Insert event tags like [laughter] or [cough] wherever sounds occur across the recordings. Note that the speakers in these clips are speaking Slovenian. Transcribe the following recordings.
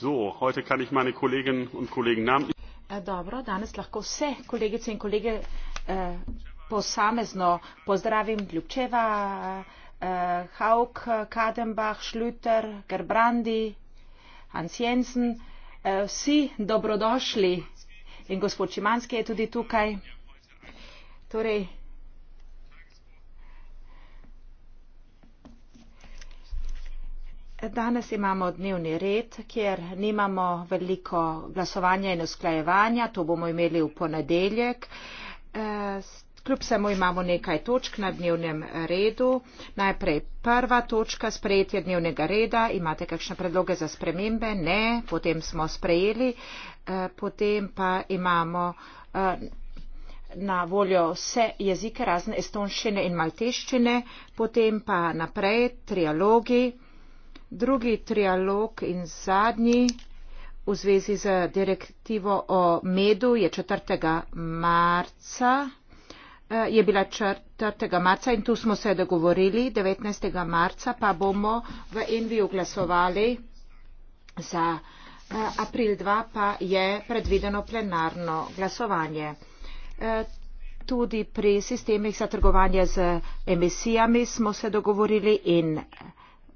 So, heute kann ich meine Kolleginnen und Kollegen namentlich. E, dobro, danes lahko vse kolegice in kolege eh, posamezno pozdravim. Ljubčeva, eh, Hauk, Kadenbach, Šluter, Gerbrandi, Hans Jensen, eh, vsi dobrodošli in gospod Čimanski je tudi tukaj. Torej, Danes imamo dnevni red, kjer nimamo veliko glasovanja in usklajevanja. To bomo imeli v ponedeljek. Eh, kljub samo imamo nekaj točk na dnevnem redu. Najprej prva točka, sprejetje dnevnega reda. Imate kakšne predloge za spremembe? Ne, potem smo sprejeli. Eh, potem pa imamo eh, na voljo vse jezike, razne estonščine in malteščine. Potem pa naprej trialogi drugi trialog in zadnji v zvezi z direktivo o medu je 4. marca. Eh, je bila 4. marca in tu smo se dogovorili, 19. marca pa bomo v Enviju glasovali za eh, april 2, pa je predvideno plenarno glasovanje. Eh, tudi pri sistemih za trgovanje z emisijami smo se dogovorili in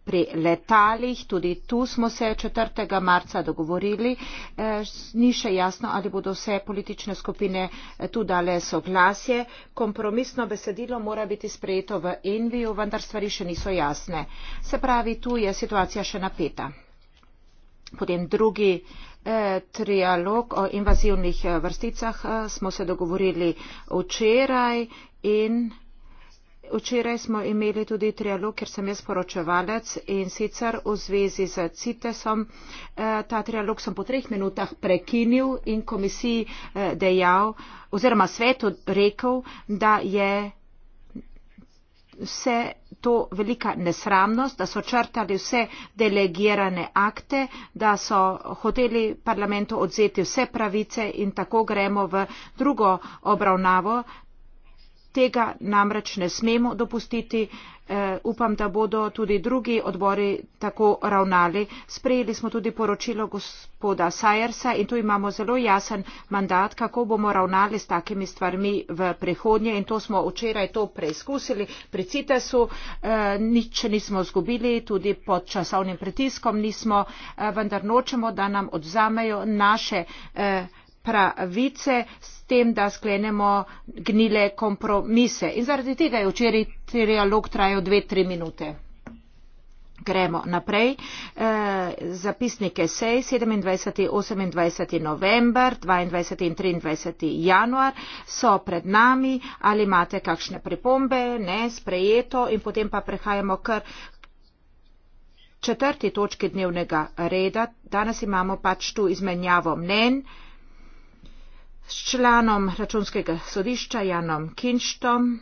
pri letalih tudi tu smo se četrtega marca dogovorili e, ni še jasno ali bodo vse politične skupine e, tu dale soglasje kompromisno besedilo mora biti sprejeto v enviju vendar stvari še niso jasne se pravi tu je situacija še napeta potem drugi e, trialog o invazivnih vrsticah smo se dogovorili včeraj in včeraj smo imeli tudi trialog, ker sem jaz poročevalec in sicer v zvezi z CITESom. Eh, ta trialog sem po treh minutah prekinil in komisiji eh, dejal oziroma svetu rekel, da je vse to velika nesramnost, da so črtali vse delegirane akte, da so hoteli parlamentu odzeti vse pravice in tako gremo v drugo obravnavo tega namreč ne smemo dopustiti eh, upam da bodo tudi drugi odbori tako ravnali sprejeli smo tudi poročilo gospoda sayersa in tu imamo zelo jasen mandat kako bomo ravnali s takimi stvarmi v prihodnje in to smo včeraj to preizkusili pri citesu eh, nič nismo izgubili tudi pod časovnim pritiskom nismo eh, vendar nočemo da nam odvzamejo naše pravice s tem da sklenemo gnile kompromise in zaradi tega je včeraj trialog trajal dve tri minute Gremo naprej. E, zapisnike sej 27. 28. november, 22. in 23. januar so pred nami. Ali imate kakšne pripombe? Ne, sprejeto. In potem pa prehajamo kar četrti točki dnevnega reda. Danes imamo pač tu izmenjavo mnen. E, s članom računskega sodišča Janom Kinštom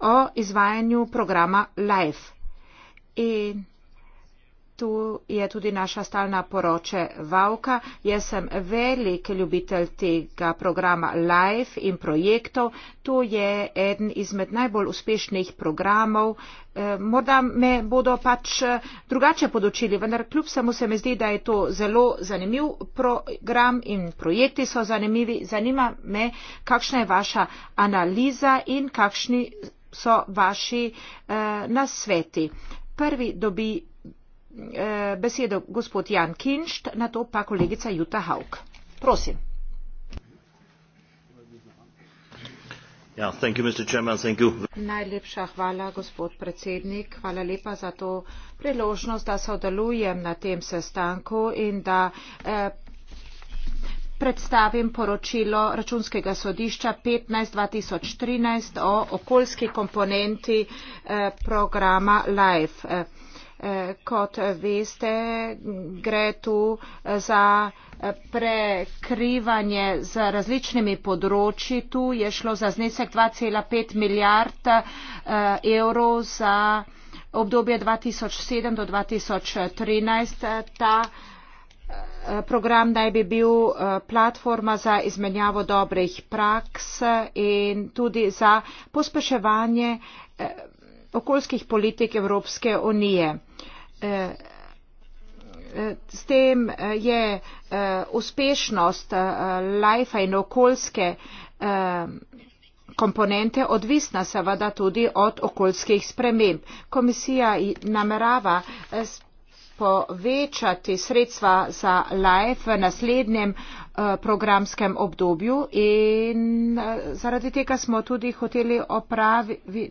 o izvajanju programa LIFE. In tu je tudi naša stalna poroče Vauka. Jaz sem velik ljubitelj tega programa Life in projektov. To je eden izmed najbolj uspešnih programov. Eh, morda me bodo pač eh, drugače podočili, vendar kljub samo se mi zdi, da je to zelo zanimiv program in projekti so zanimivi. Zanima me, kakšna je vaša analiza in kakšni so vaši eh, nasveti. Prvi dobi Eh, besedo gospod Jan Kinšt, na to pa kolegica Juta Haug. Prosim. Yeah, ja, you, Chairman, Najlepša hvala, gospod predsednik. Hvala lepa za to priložnost, da sodelujem na tem sestanku in da eh, predstavim poročilo računskega sodišča 15.2013 o okoljski komponenti eh, programa LIFE. Eh, kot veste, gre tu za prekrivanje z različnimi področji. Tu je šlo za znesek 2,5 milijard eh, evrov za obdobje 2007 do 2013. Ta eh, program naj bi bil eh, platforma za izmenjavo dobrih praks in tudi za pospeševanje okoljskih politik Evropske unije. S tem je uspešnost lajfa in okoljske komponente odvisna seveda tudi od okoljskih sprememb. Komisija namerava povečati sredstva za LIFE v naslednjem programskem obdobju in zaradi tega smo tudi hoteli opraviti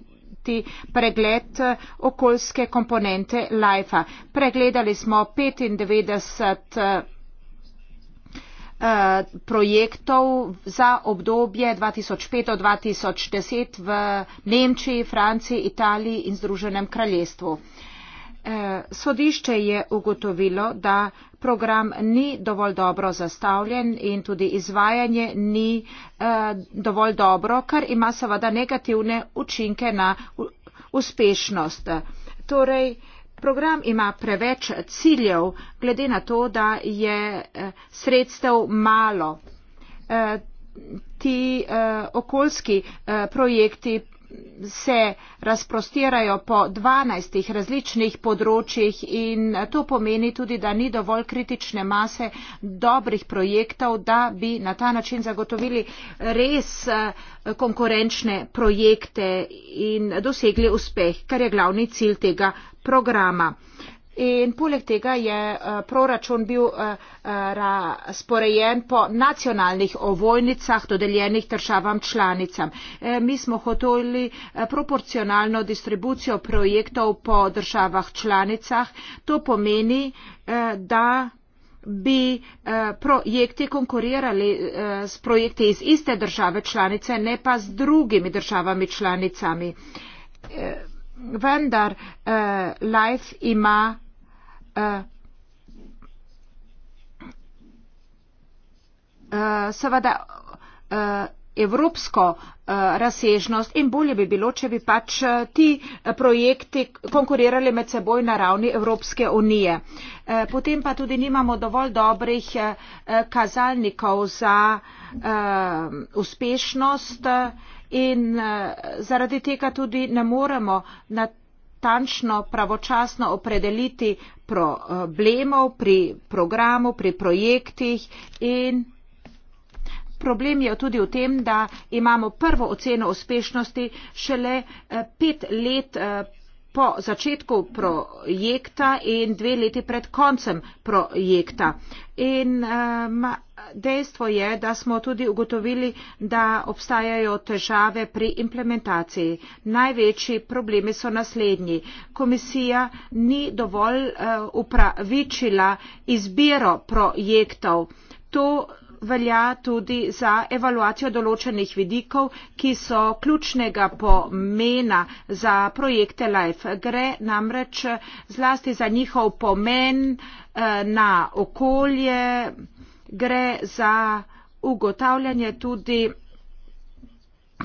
izvesti pregled eh, okoljske komponente LIFE-a. Pregledali smo 95 eh, projektov za obdobje 2005-2010 v Nemčiji, Franciji, Italiji in Združenem kraljestvu. Eh, sodišče je ugotovilo, da program ni dovolj dobro zastavljen in tudi izvajanje ni eh, dovolj dobro, kar ima seveda negativne učinke na uspešnost. Torej, program ima preveč ciljev, glede na to, da je eh, sredstev malo. Ti okoljski projekti se razprostirajo po dvanajstih različnih področjih in to pomeni tudi, da ni dovolj kritične mase dobrih projektov, da bi na ta način zagotovili res eh, konkurenčne projekte in dosegli uspeh, kar je glavni cilj tega programa. In poleg tega je eh, proračun bil eh, eh, razporejen po nacionalnih ovojnicah dodeljenih državam članicam. Mi smo hoteli proporcionalno distribucijo projektov po državah članicah. To pomeni, da bi projekti konkurirali s projekti iz iste države članice, ne pa z drugimi državami članicami. Vendar LIFE ima Eh, eh, seveda eh, evropsko razsežnost in bolje bi bilo, če bi pač ti projekti konkurirali med seboj na ravni Evropske unije. Potem pa tudi nimamo dovolj dobrih kazalnikov za uspešnost in zaradi tega tudi ne moremo na natančno, pravočasno opredeliti problemov pri programu, pri projektih in problem je tudi v tem, da imamo prvo oceno uspešnosti šele eh, pet let eh, po začetku projekta in dve leti pred koncem projekta. In, uh, dejstvo je da smo tudi ugotovili da obstajajo težave pri implementaciji. največji problemi so naslednji komisija ni dovolj eh, upravičila izbiro projektov to velja tudi za evalvacijo določenih vidikov ki so ključnega pomena za projekte life gre namreč zlasti za njihov pomen eh, na okolje gre za ugotavljanje tudi,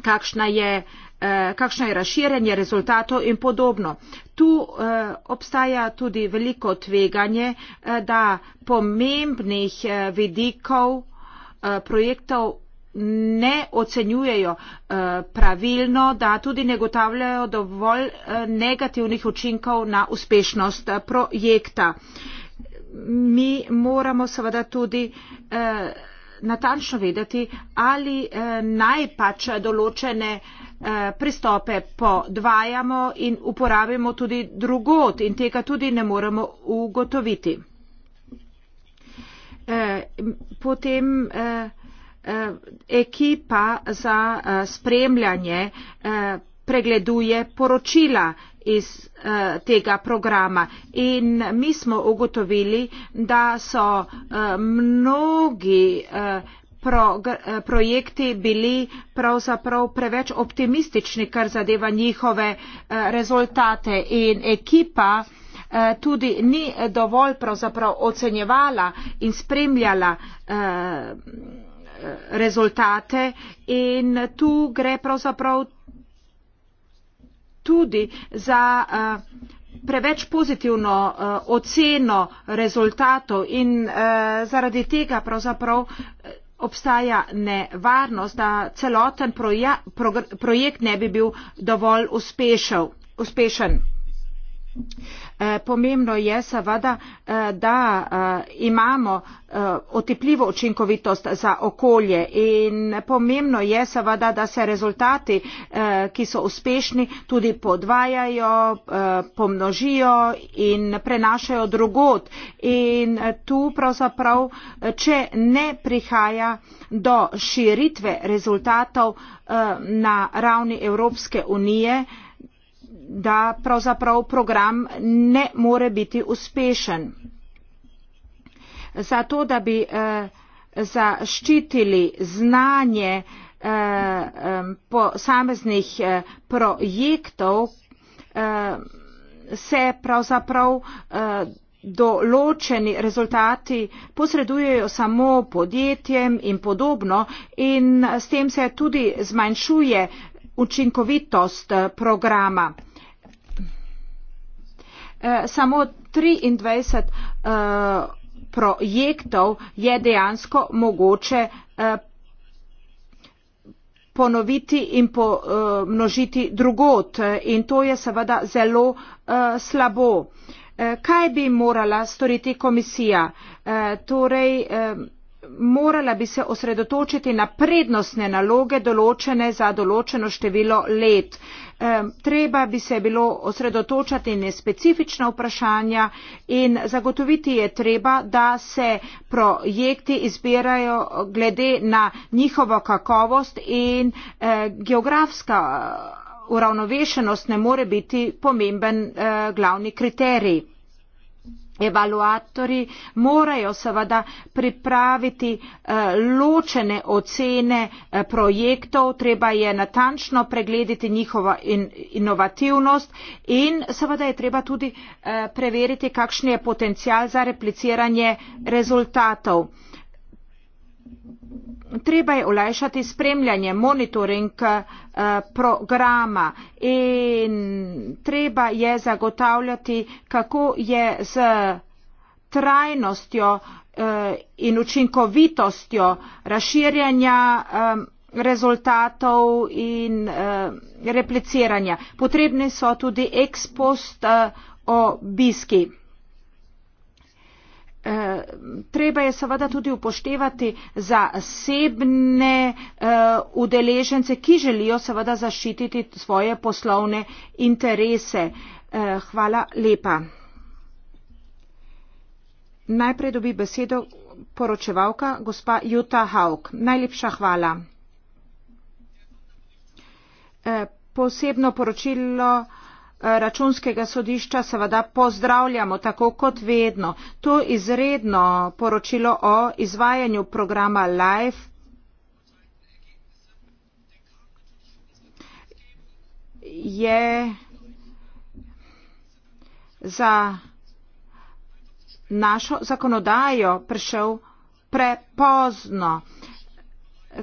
kakšna je, eh, kakšno je razširjenje rezultatov in podobno. Tu eh, obstaja tudi veliko tveganje, eh, da pomembnih vidikov projektov ne ocenjujejo pravilno, da tudi ne ugotavljajo dovolj negativnih učinkov na uspešnost projekta mi moramo seveda tudi eh, natančno vedeti, ali eh, naj pač določene eh, pristope podvajamo in uporabimo tudi drugot in tega tudi ne moremo ugotoviti. Potem ekipa za spremljanje pregleduje poročila, iz eh, tega programa. In mi smo ugotovili, da so eh, mnogi eh, projekti bili pravzaprav preveč optimistični, kar zadeva njihove rezultate in ekipa tudi ni dovolj pravzaprav ocenjevala in spremljala rezultate in tu gre pravzaprav tudi za eh, preveč pozitivno eh, oceno rezultatov in eh, zaradi tega pravzaprav obstaja nevarnost, da celoten projekt ne bi bil dovolj uspešen. Eh, pomembno je seveda eh, da eh, imamo otepljivo učinkovitost za okolje in pomembno je seveda da se rezultati ki so uspešni tudi podvajajo pomnožijo in prenašajo drugod in tu pravzaprav če ne prihaja do širitve rezultatov na ravni evropske unije da pravzaprav program ne more biti uspešen. Zato, da bi eh, zaščitili znanje eh, posameznih eh, projektov, eh, se pravzaprav eh, določeni rezultati posredujejo samo podjetjem in podobno in s tem se tudi zmanjšuje učinkovitost eh, programa. Eh, Eh, samo 23 eh, projektov je dejansko mogoče eh, ponoviti in pomnožiti drugot in to je seveda zelo slabo. Kaj bi morala storiti komisija? Torej, morala bi se osredotočiti na prednostne naloge, določene za določeno število let. Treba bi se bilo osredotočati na specifična vprašanja in zagotoviti je treba, da se projekti izbirajo glede na njihovo kakovost in eh, geografska eh, uravnovešenost ne more biti pomemben eh, glavni kriterij. Evaluatori morajo seveda pripraviti eh, ločene ocene eh, projektov, treba je natančno pregledati njihovo inovativnost in seveda je treba tudi eh, preveriti, kakšen je potencial za repliciranje rezultatov treba je olajšati spremljanje, monitoring eh, programa in treba je zagotavljati, kako je z trajnostjo eh, in učinkovitostjo razširjanja eh, rezultatov in repliciranja. Potrebni so tudi ekspost obiski. Eh, treba je seveda tudi upoštevati zasebne eh, udeležence, ki želijo seveda zaščititi svoje poslovne interese. Eh, hvala lepa. Najprej dobi besedo poročevalka gospa Juta Hauk. Najlepša hvala. Posebno poročilo računskega sodišča seveda pozdravljamo tako kot vedno. To izredno poročilo o izvajanju programa LIFE je za našo zakonodajo prišel prepozno.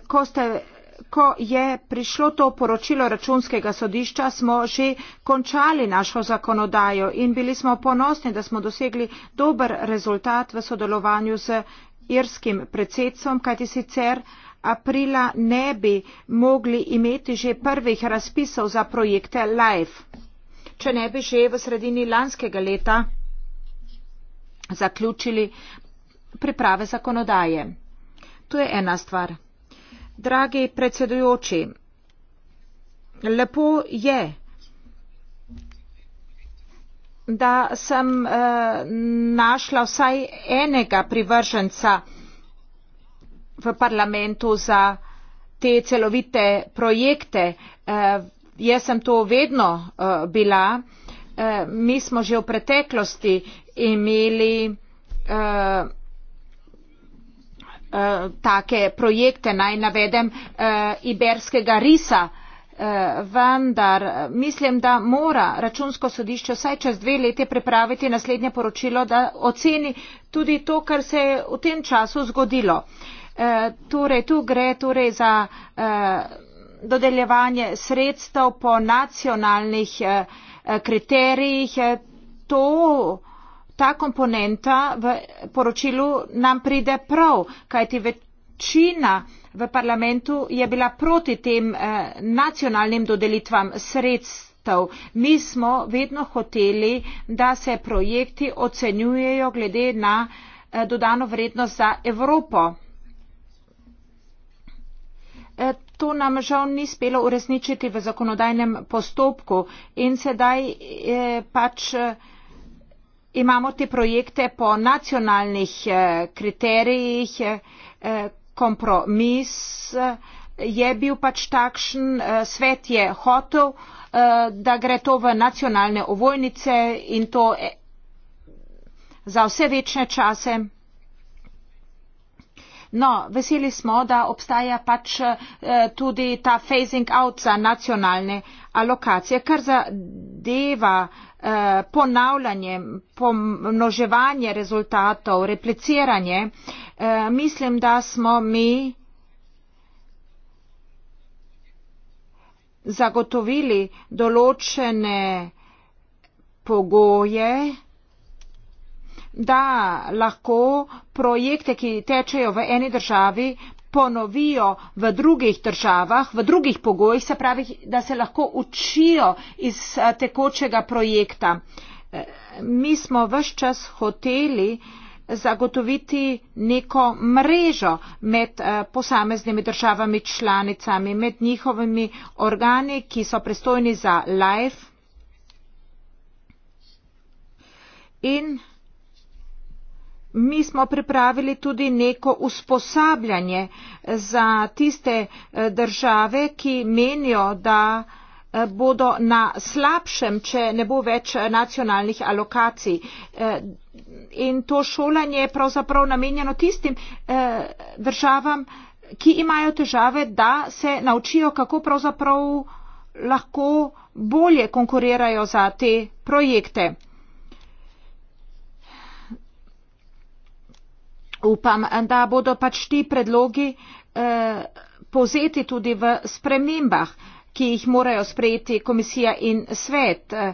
Ko ste ko je prišlo to poročilo računskega sodišča, smo že končali našo zakonodajo in bili smo ponosni, da smo dosegli dober rezultat v sodelovanju z irskim predsedstvom, kajti sicer aprila ne bi mogli imeti že prvih razpisov za projekte LIFE, če ne bi že v sredini lanskega leta zaključili priprave zakonodaje. To je ena stvar dragi predsedujoči, lepo je, da sem eh, našla vsaj enega privrženca v parlamentu za te celovite projekte. Eh, jaz sem to vedno eh, bila. Eh, mi smo že v preteklosti imeli eh, Eh, take projekte, naj navedem uh, iberskega risa, uh, vendar mislim, da mora računsko sodišče vsaj čez dve leti pripraviti naslednje poročilo, da oceni tudi to, kar se je v tem času zgodilo. Uh, torej, tu gre torej za uh, dodeljevanje sredstev po nacionalnih uh, kriterijih. Uh, to, ta komponenta v poročilu nam pride prav, kajti večina v parlamentu je bila proti tem eh, nacionalnim dodelitvam sredstv. Mi smo vedno hoteli, da se projekti ocenjujejo glede na eh, dodano vrednost za Evropo. Eh, to nam žal ni spelo uresničiti v zakonodajnem postopku in sedaj pač imamo te projekte po nacionalnih eh, kriterijih. Eh, kompromis eh, je bil pač takšen, svet je hotel, da gre to v nacionalne ovojnice in to za vse večne čase. No, veseli smo, da obstaja pač tudi ta phasing out za nacionalne alokacije, kar zadeva Eh, ponavljanje pomnoževanje rezultatov repliciranje eh, mislim da smo mi zagotovili določene pogoje da lahko projekte ki tečejo v eni državi ponovijo v drugih državah, v drugih pogojih, se pravi, da se lahko učijo iz eh, tekočega projekta. Eh, mi smo vse čas hoteli zagotoviti neko mrežo med eh, posameznimi državami članicami, med njihovimi organi, ki so pristojni za life in mi smo pripravili tudi neko usposabljanje za tiste eh, države, ki menijo, da eh, bodo na slabšem, če ne bo več nacionalnih alokacij. Eh, in to šolanje je pravzaprav namenjeno tistim državam, ki imajo težave, da se naučijo, kako pravzaprav lahko bolje konkurirajo za te projekte. upam, da bodo pač ti predlogi eh, povzeti tudi v spremembah, ki jih morajo sprejeti komisija in svet. Eh,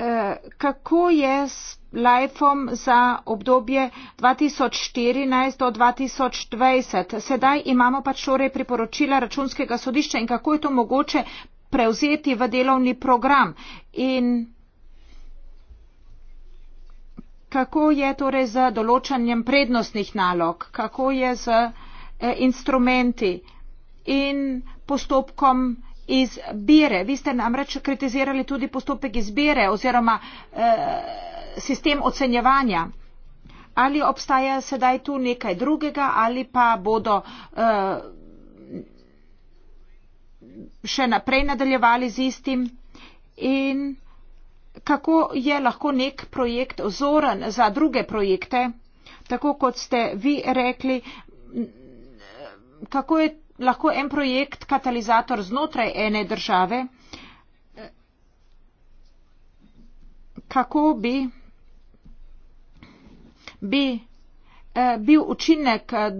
eh kako je s Lajfom za obdobje 2014 do 2020? Sedaj imamo pač torej priporočila računskega sodišča in kako je to mogoče prevzeti v delovni program. In kako je torej z določanjem prednostnih nalog, kako je z eh, instrumenti in postopkom izbire. Vi ste namreč kritizirali tudi postopek izbire oziroma eh, sistem ocenjevanja. Ali obstaja sedaj tu nekaj drugega ali pa bodo eh, še naprej nadaljevali z istim in kako je lahko nek projekt ozoren za druge projekte, tako kot ste vi rekli, kako je lahko en projekt katalizator znotraj ene države, kako bi, bi eh, bil učinek eh,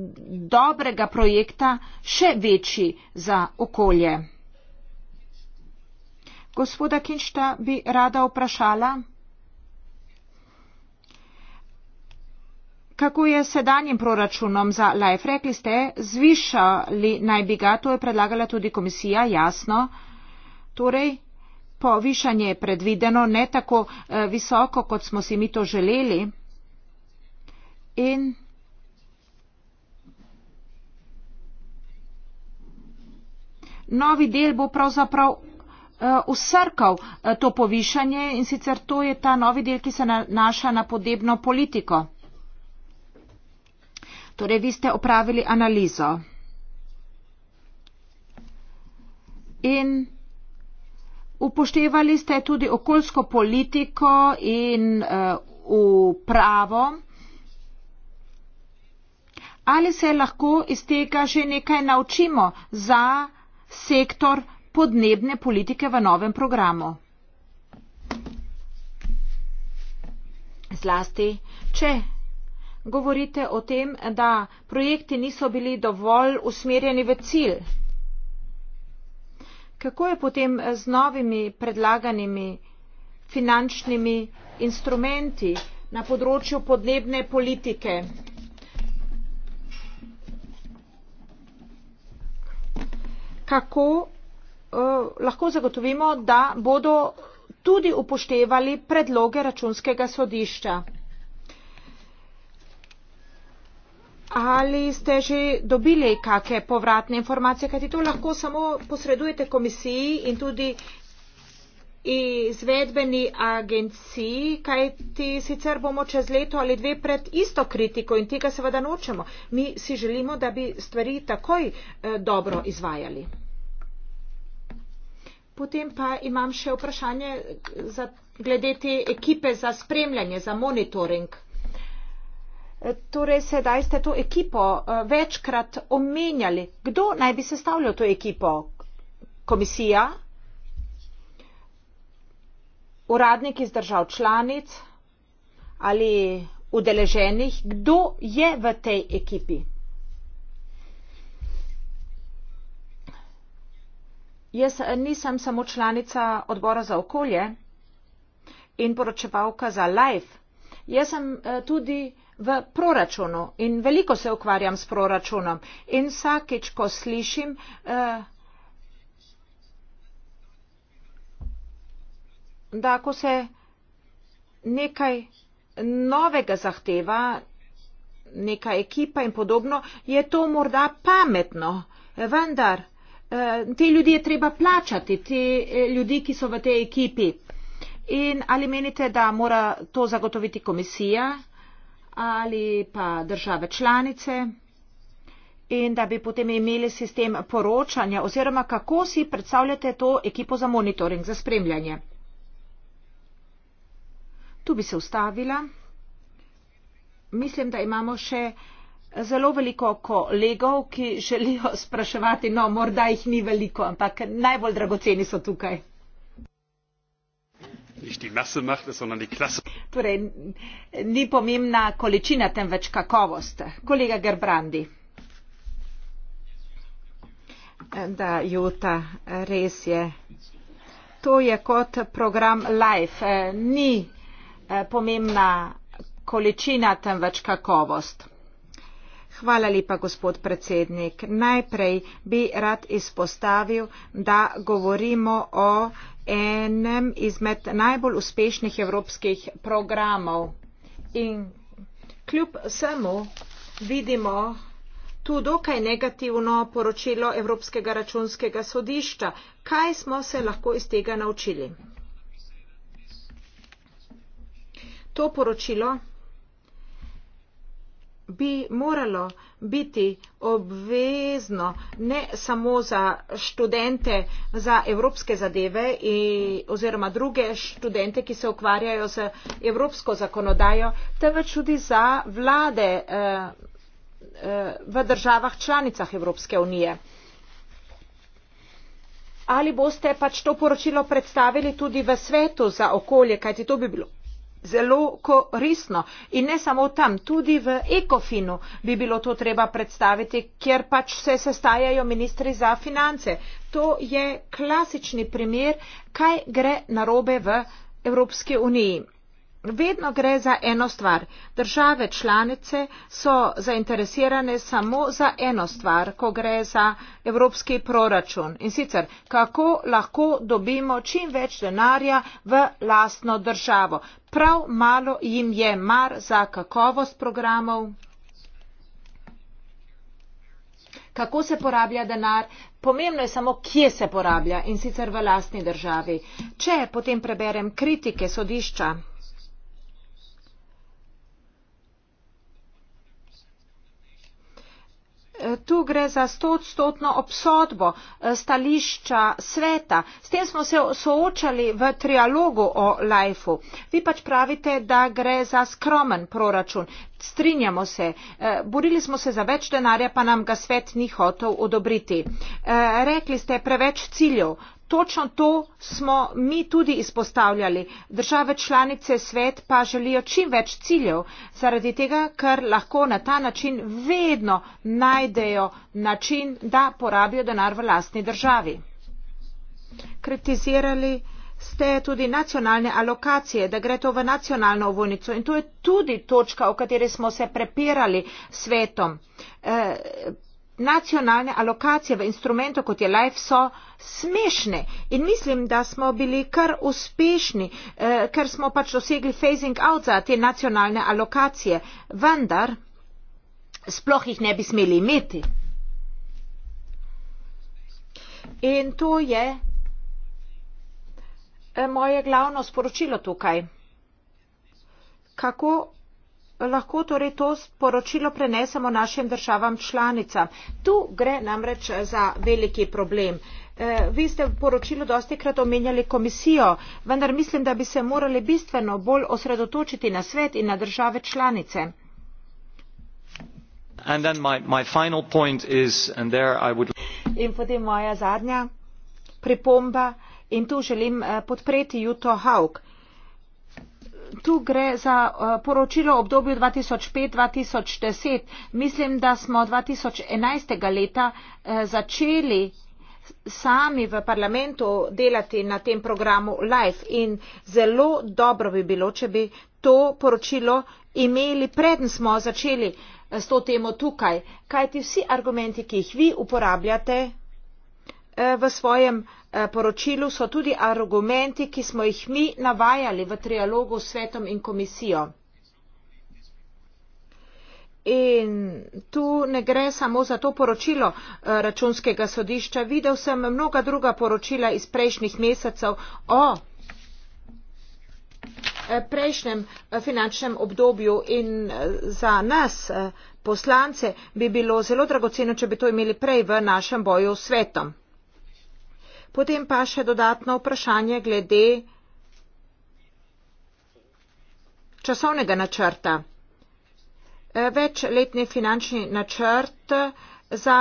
dobrega projekta še večji za okolje. Gospoda Kinšta bi rada vprašala, kako je sedanjim proračunom za LIFE. Rekli ste, zvišali naj bi ga, to je predlagala tudi komisija, jasno. Torej, povišanje je predvideno ne tako eh, visoko, kot smo si mi to želeli. In Novi del bo pravzaprav Eh, usrkal eh, to povišanje in sicer to je ta novi del, ki se nanaša na podebno politiko. Torej, vi ste opravili analizo. In upoštevali ste tudi okoljsko politiko in eh, upravo. Ali se lahko iz tega že nekaj naučimo za sektor podnebne politike v novem programu. Zlasti, če govorite o tem, da projekti niso bili dovolj usmerjeni v cilj, kako je potem z novimi predlaganimi finančnimi instrumenti na področju podnebne politike? Kako Eh, lahko zagotovimo, da bodo tudi upoštevali predloge računskega sodišča. Ali ste že dobili kakšne povratne informacije, kajti to lahko samo posredujete komisiji in tudi izvedbeni agenciji, kajti sicer bomo čez leto ali dve pred isto kritiko in tega seveda nočemo. Mi si želimo, da bi stvari takoj eh, dobro izvajali. Potem pa imam še vprašanje za, glede te ekipe za spremljanje, za monitoring. E, torej, sedaj ste to ekipo e, večkrat omenjali. Kdo naj bi sestavljal to ekipo? Komisija? Uradnik iz držav članic? Ali udeleženih? Kdo je v tej ekipi? Jaz eh, nisem samo članica odbora za okolje in poročevalka za live. Jaz sem eh, tudi v proračunu in veliko se ukvarjam s proračunom. In vsakeč, ko slišim, eh, da ko se nekaj novega zahteva, neka ekipa in podobno, je to morda pametno, vendar. Eh, te ljudi je treba plačati, te eh, ljudi, ki so v tej ekipi. In ali menite, da mora to zagotoviti komisija ali pa države članice in da bi potem imeli sistem poročanja oziroma kako si predstavljate to ekipo za monitoring, za spremljanje? Tu bi se ustavila. Mislim, da imamo še zelo veliko kolegov, ki želijo [laughs] spraševati, no morda jih ni veliko, ampak najbolj dragoceni so tukaj. Macht, torej, ni pomembna količina, temveč kakovost. Kolega Gerbrandi. Da, Juta, res je. To je kot program Life. Eh, ni eh, pomembna količina, temveč kakovost. Hvala lepa, gospod predsednik. Najprej bi rad izpostavil, da govorimo o enem izmed najbolj uspešnih evropskih programov. In kljub samo vidimo tu dokaj negativno poročilo Evropskega računskega sodišča. Kaj smo se lahko iz tega naučili? To poročilo bi moralo biti obvezno ne samo za študente za evropske zadeve oziroma druge študente, ki se ukvarjajo z evropsko zakonodajo, temveč tudi za vlade eh, eh, v državah članicah Evropske unije. Ali boste pač to poročilo predstavili tudi v svetu za okolje, kajti to bi bilo zelo koristno. In ne samo tam, tudi v ekofinu bi bilo to treba predstaviti, kjer pač se sestajajo ministri za finance. To je klasični primer, kaj gre narobe v Evropski uniji. Vedno gre za eno stvar. Države članice so zainteresirane samo za eno stvar, ko gre za evropski proračun. In sicer, kako lahko dobimo čim več denarja v lastno državo. Prav malo jim je mar za kakovost programov. Kako se porablja denar? Pomembno je samo, kje se porablja in sicer v lastni državi. Če potem preberem kritike sodišča, tu gre za stoodstotno obsodbo eh, stališča sveta. S tem smo se soočali v trialogu o lajfu. Vi pač pravite, da gre za skromen proračun. Strinjamo se. Eh, borili smo se za več denarja, pa nam ga svet ni hotel odobriti. Eh, rekli ste preveč ciljev točno to smo mi tudi izpostavljali. Države članice svet pa želijo čim več ciljev, zaradi tega, ker lahko na ta način vedno najdejo način, da porabijo denar v lastni državi. Kritizirali ste tudi nacionalne alokacije, da gre to v nacionalno ovojnico in to je tudi točka, o kateri smo se prepirali svetom. E, nacionalne alokacije v instrumentu, kot je LIFE, so smešne. In mislim, da smo bili kar uspešni, eh, ker smo pač dosegli phasing out za te nacionalne alokacije, vendar sploh jih ne bi smeli imeti. In to je eh, moje glavno sporočilo tukaj. Kako lahko torej to sporočilo prenesemo našim državam članicam. Tu gre namreč za veliki problem. Eh, vi ste v poročilu dosti krat omenjali komisijo, vendar mislim, da bi se morali bistveno bolj osredotočiti na svet in na države članice. My, my would... In potem moja zadnja pripomba in tu želim eh, podpreti Juto Hauk tu gre za eh, poročilo obdobju 2005-2010. Mislim, da smo 2011. leta eh, začeli sami v parlamentu delati na tem programu Life in zelo dobro bi bilo, če bi to poročilo imeli, preden smo začeli eh, s to temo tukaj. Kaj ti vsi argumenti, ki jih vi uporabljate v svojem Eh, poročilu so tudi argumenti, ki smo jih mi navajali v trialogu s svetom in komisijo. In tu ne gre samo za to poročilo eh, računskega sodišča. Videl sem mnoga druga poročila iz prejšnjih mesecev o eh, prejšnjem finančnem obdobju in za nas, poslance, bi bilo zelo dragoceno, če bi to imeli prej v našem boju s svetom. Potem pa še dodatno vprašanje glede časovnega načrta. Eh, večletni finančni načrt eh, za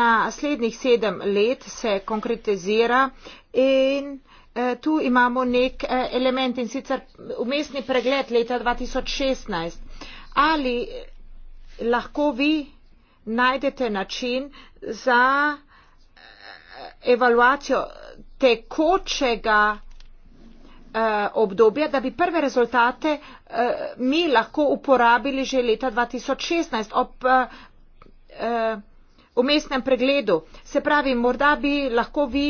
naslednjih sedem let se konkretizira in eh, tu imamo nek element in sicer umestni pregled leta 2016. Ali lahko vi najdete način za evaluacijo tekočega eh, obdobja, da bi prve rezultate eh, mi lahko uporabili že leta 2016 ob eh, umestnem pregledu. Se pravi, morda bi lahko vi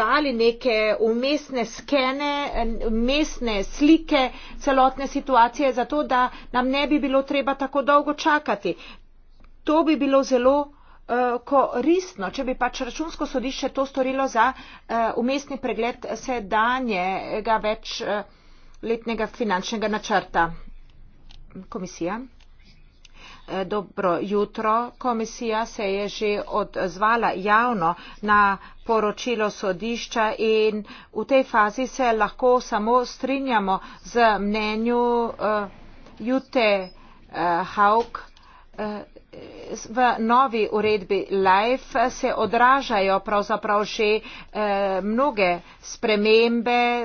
dali neke umestne skene, umestne slike celotne situacije, zato da nam ne bi bilo treba tako dolgo čakati. To bi bilo zelo Eh, koristno, če bi pač računsko sodišče to storilo za eh, umestni pregled sedanjega večletnega eh, finančnega načrta. Komisija. Dobro jutro. Komisija se je že odzvala javno na poročilo sodišča in v tej fazi se lahko samo strinjamo z mnenju uh, Jute uh, Hauk, uh, v novi uredbi LIFE se odražajo pravzaprav že eh, mnoge spremembe.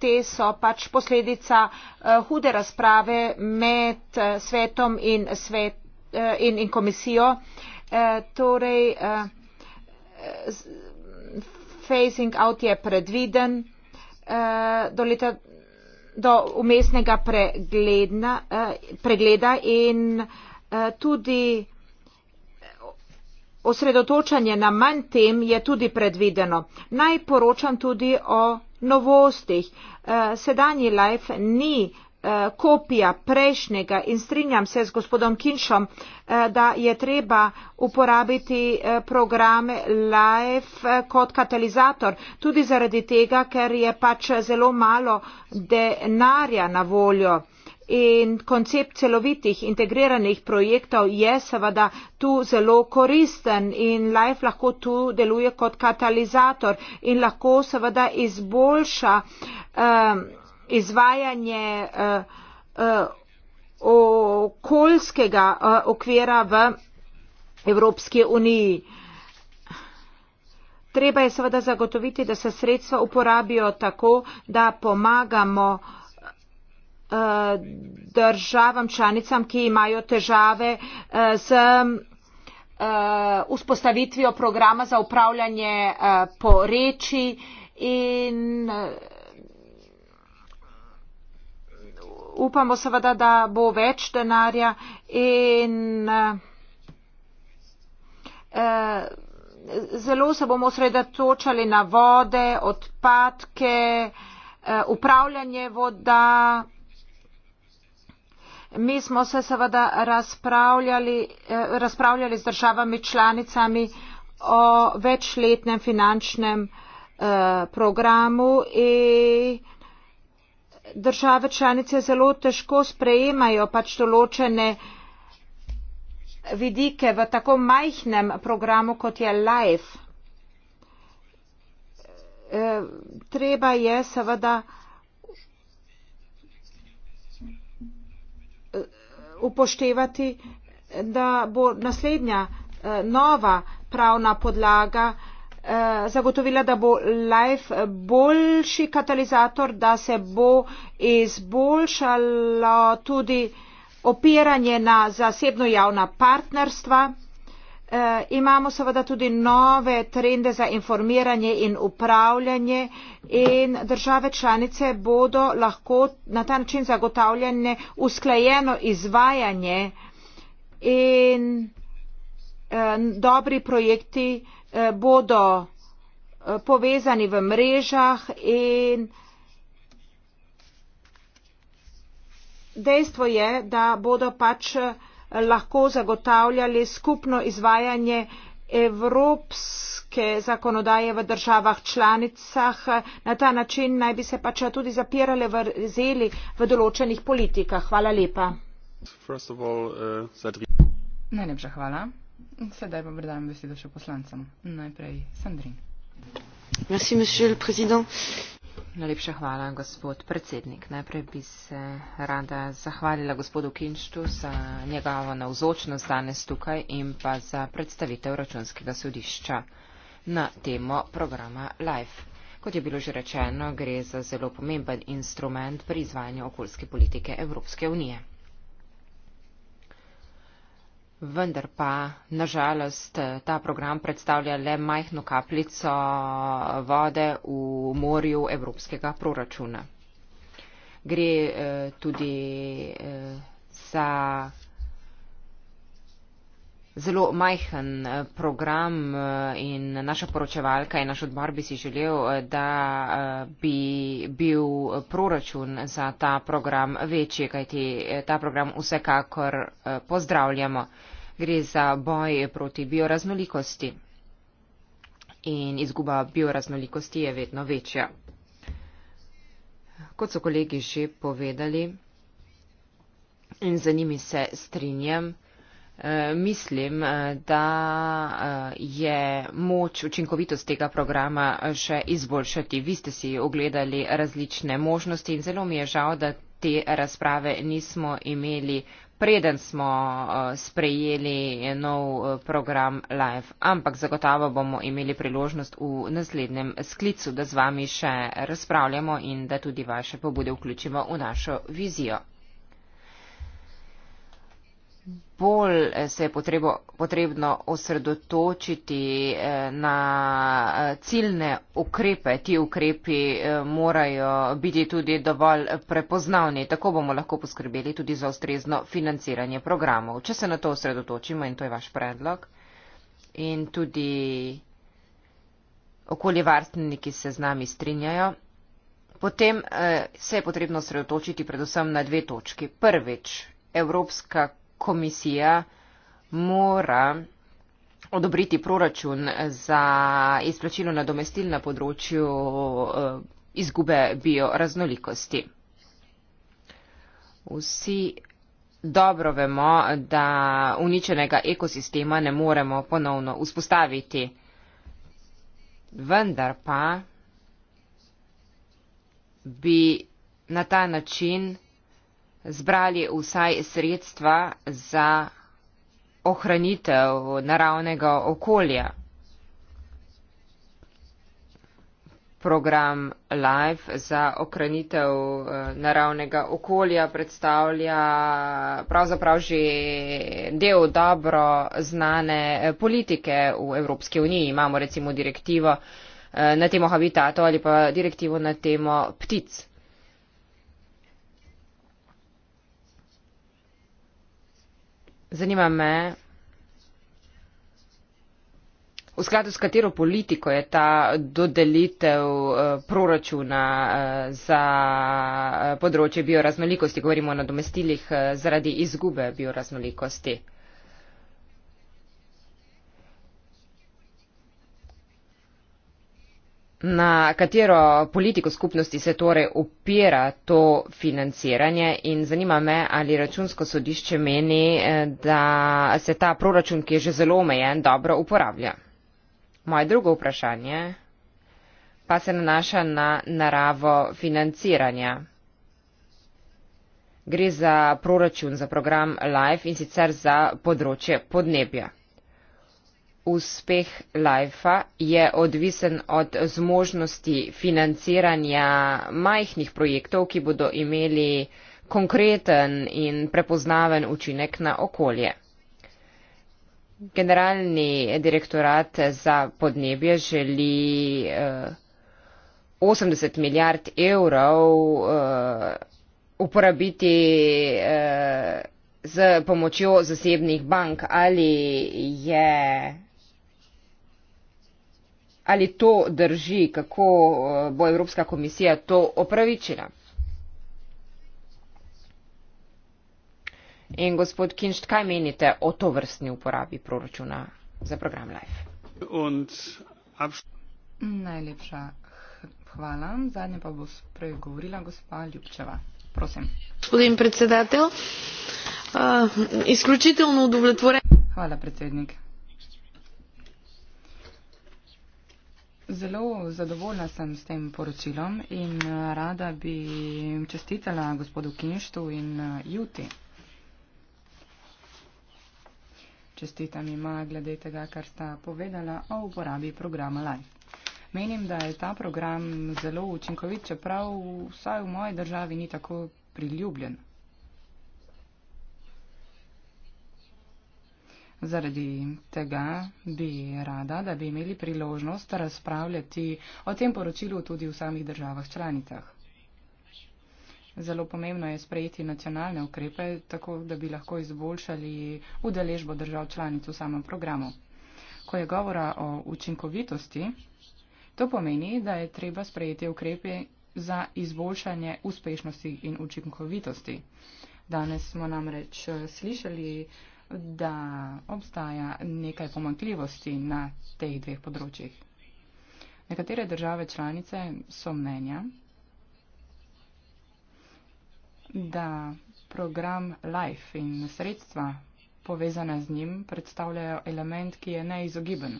Te so pač posledica eh, hude razprave med eh, svetom in, svet, in, in komisijo. Torej, phasing out je predviden do leta do umestnega pregleda, pregleda in Eh, tudi osredotočanje na manj tem je tudi predvideno. Naj poročam tudi o novostih. Eh, sedanji live ni eh, kopija prejšnjega in strinjam se z gospodom Kinšom, da je treba uporabiti programe Live kot katalizator, tudi zaradi tega, ker je pač zelo malo denarja na voljo in koncept celovitih integriranih projektov je seveda tu zelo koristen in LIFE lahko tu deluje kot katalizator in lahko seveda izboljša eh, izvajanje eh, eh, okoljskega eh, okvira v Evropske unije. Treba je seveda zagotoviti, da se sredstva uporabijo tako, da pomagamo uh, Eh, državam članicam, ki imajo težave z eh, eh, vzpostavitvijo programa za upravljanje po reči in upamo seveda, da bo več denarja in zelo se bomo osredotočali na vode, odpadke, upravljanje voda. Mi smo se seveda razpravljali, eh, razpravljali z državami članicami o večletnem finančnem eh, programu in države članice zelo težko sprejemajo pač določene vidike v tako majhnem programu, kot je LIFE. Eh, treba je seveda upoštevati, da bo naslednja eh, nova pravna podlaga eh, zagotovila, da bo LIFE boljši katalizator, da se bo izboljšalo tudi opiranje na zasebno javna partnerstva. Eh, imamo seveda tudi nove trende za informiranje in upravljanje in države članice bodo lahko na ta način zagotavljanje usklajeno izvajanje in eh, dobri projekti eh, bodo eh, povezani v mrežah in dejstvo je, da bodo pač eh, lahko zagotavljali skupno izvajanje evropske zakonodaje v državah članicah. Na ta način naj bi se pač tudi zapirale vrzeli v določenih politikah. Hvala lepa. Uh, Najlepša hvala. Sedaj pa predajam besedo še poslancem. Najprej Sandrin. Merci, monsieur le président. Najlepša hvala, gospod predsednik. Najprej bi se rada zahvalila gospodu Kinštu za njegovo navzočnost danes tukaj in pa za predstavitev računskega sodišča na temo programa LIFE. Kot je bilo že rečeno, gre za zelo pomemben instrument pri izvajanju okoljske politike Evropske unije. Vendar pa, nažalost, ta program predstavlja le majhno kapljico vode v morju evropskega proračuna. Gre eh, tudi eh, za zelo majhen eh, program eh, in naša poročevalka in naš odbor bi si želel, eh, da bi bil proračun za ta program večji, kajti ta program vsekakor pozdravljamo gre za boj proti bioraznolikosti. In izguba bioraznolikosti je vedno večja. Kot so kolegi že povedali in za njimi se strinjam, eh, mislim, da eh, je moč učinkovitost tega programa eh, še izboljšati. Vi ste si ogledali različne možnosti in zelo mi je žal, da te razprave nismo imeli preden smo eh, sprejeli nov eh, program Live. Ampak zagotavo bomo imeli priložnost v naslednjem sklicu, da z vami še razpravljamo in da tudi vaše pobude vključimo v našo vizijo bolj eh, se je potrebo, potrebno osredotočiti eh, na eh, ciljne ukrepe. Ti ukrepi morajo biti tudi dovolj prepoznavni. Tako bomo lahko poskrbeli tudi za ustrezno financiranje programov. Če se na to osredotočimo, in to je vaš predlog, in tudi okoljevarstveniki se z nami strinjajo. Potem se je potrebno osredotočiti predvsem na dve točki. Prvič, Evropska komisija mora odobriti proračun za izplačilo nadomestil na področju eh, izgube bioraznolikosti. Vsi dobro vemo, da uničenega ekosistema ne moremo ponovno vzpostaviti. Vendar pa bi na ta način zbrali vsaj sredstva za ohranitev naravnega okolja. Program Life za ohranitev eh, naravnega okolja predstavlja pravzaprav že del dobro znane eh, politike v Evropski uniji. Imamo recimo direktivo eh, na temo habitatov ali pa direktivo na temo ptic. zanima me, v skladu s katero politiko je ta dodelitev eh, proračuna eh, za eh, področje bioraznolikosti, govorimo o nadomestilih zaradi izgube bioraznolikosti. Na katero politiko skupnosti se torej upira to financiranje in zanima me, ali računsko sodišče meni, eh, da se ta proračun, ki je že zelo omejen, dobro uporablja. Moje drugo vprašanje pa se nanaša na naravo financiranja. Gre za proračun, za program LIFE in sicer za področje podnebja uspeh LIFE-a je odvisen od zmožnosti financiranja majhnih projektov, ki bodo imeli konkreten in prepoznaven učinek na okolje. Generalni direktorat za podnebje želi 80 eh, milijard evrov eh, uporabiti z eh, pomočjo zasebnih bank. Ali je ali to drži, kako eh, bo Evropska komisija to opravičila. In gospod Kinšt, kaj menite o to vrstni uporabi proračuna za program Life? Najlepša hvala. Zadnje pa bo spregovorila gospa Ljubčeva. Prosim. Gospodin predsedatelj, uh, izključitelno udovoljtvore. Hvala predsednik. Zelo zadovoljna sem s tem poročilom in eh, rada bi čestitala gospodu Kinštu in eh, Juti. Čestitam ima glede tega, kar sta povedala o uporabi programa Live. Menim, da je ta program zelo učinkovit, čeprav vsaj v moji državi ni tako priljubljen. Zaradi tega bi rada, da bi imeli priložnost razpravljati o tem poročilu tudi v samih državah članicah. Zelo pomembno je sprejeti nacionalne ukrepe, tako da bi lahko izboljšali udeležbo držav članic v samem programu. Ko je govora o učinkovitosti, to pomeni, da je treba sprejeti ukrepe za izboljšanje uspešnosti in učinkovitosti. Danes smo namreč slišali da obstaja nekaj pomankljivosti na teh dveh področjih. Nekatere države članice so mnenja, da program LIFE in sredstva povezana z njim predstavljajo element, ki je neizogiben.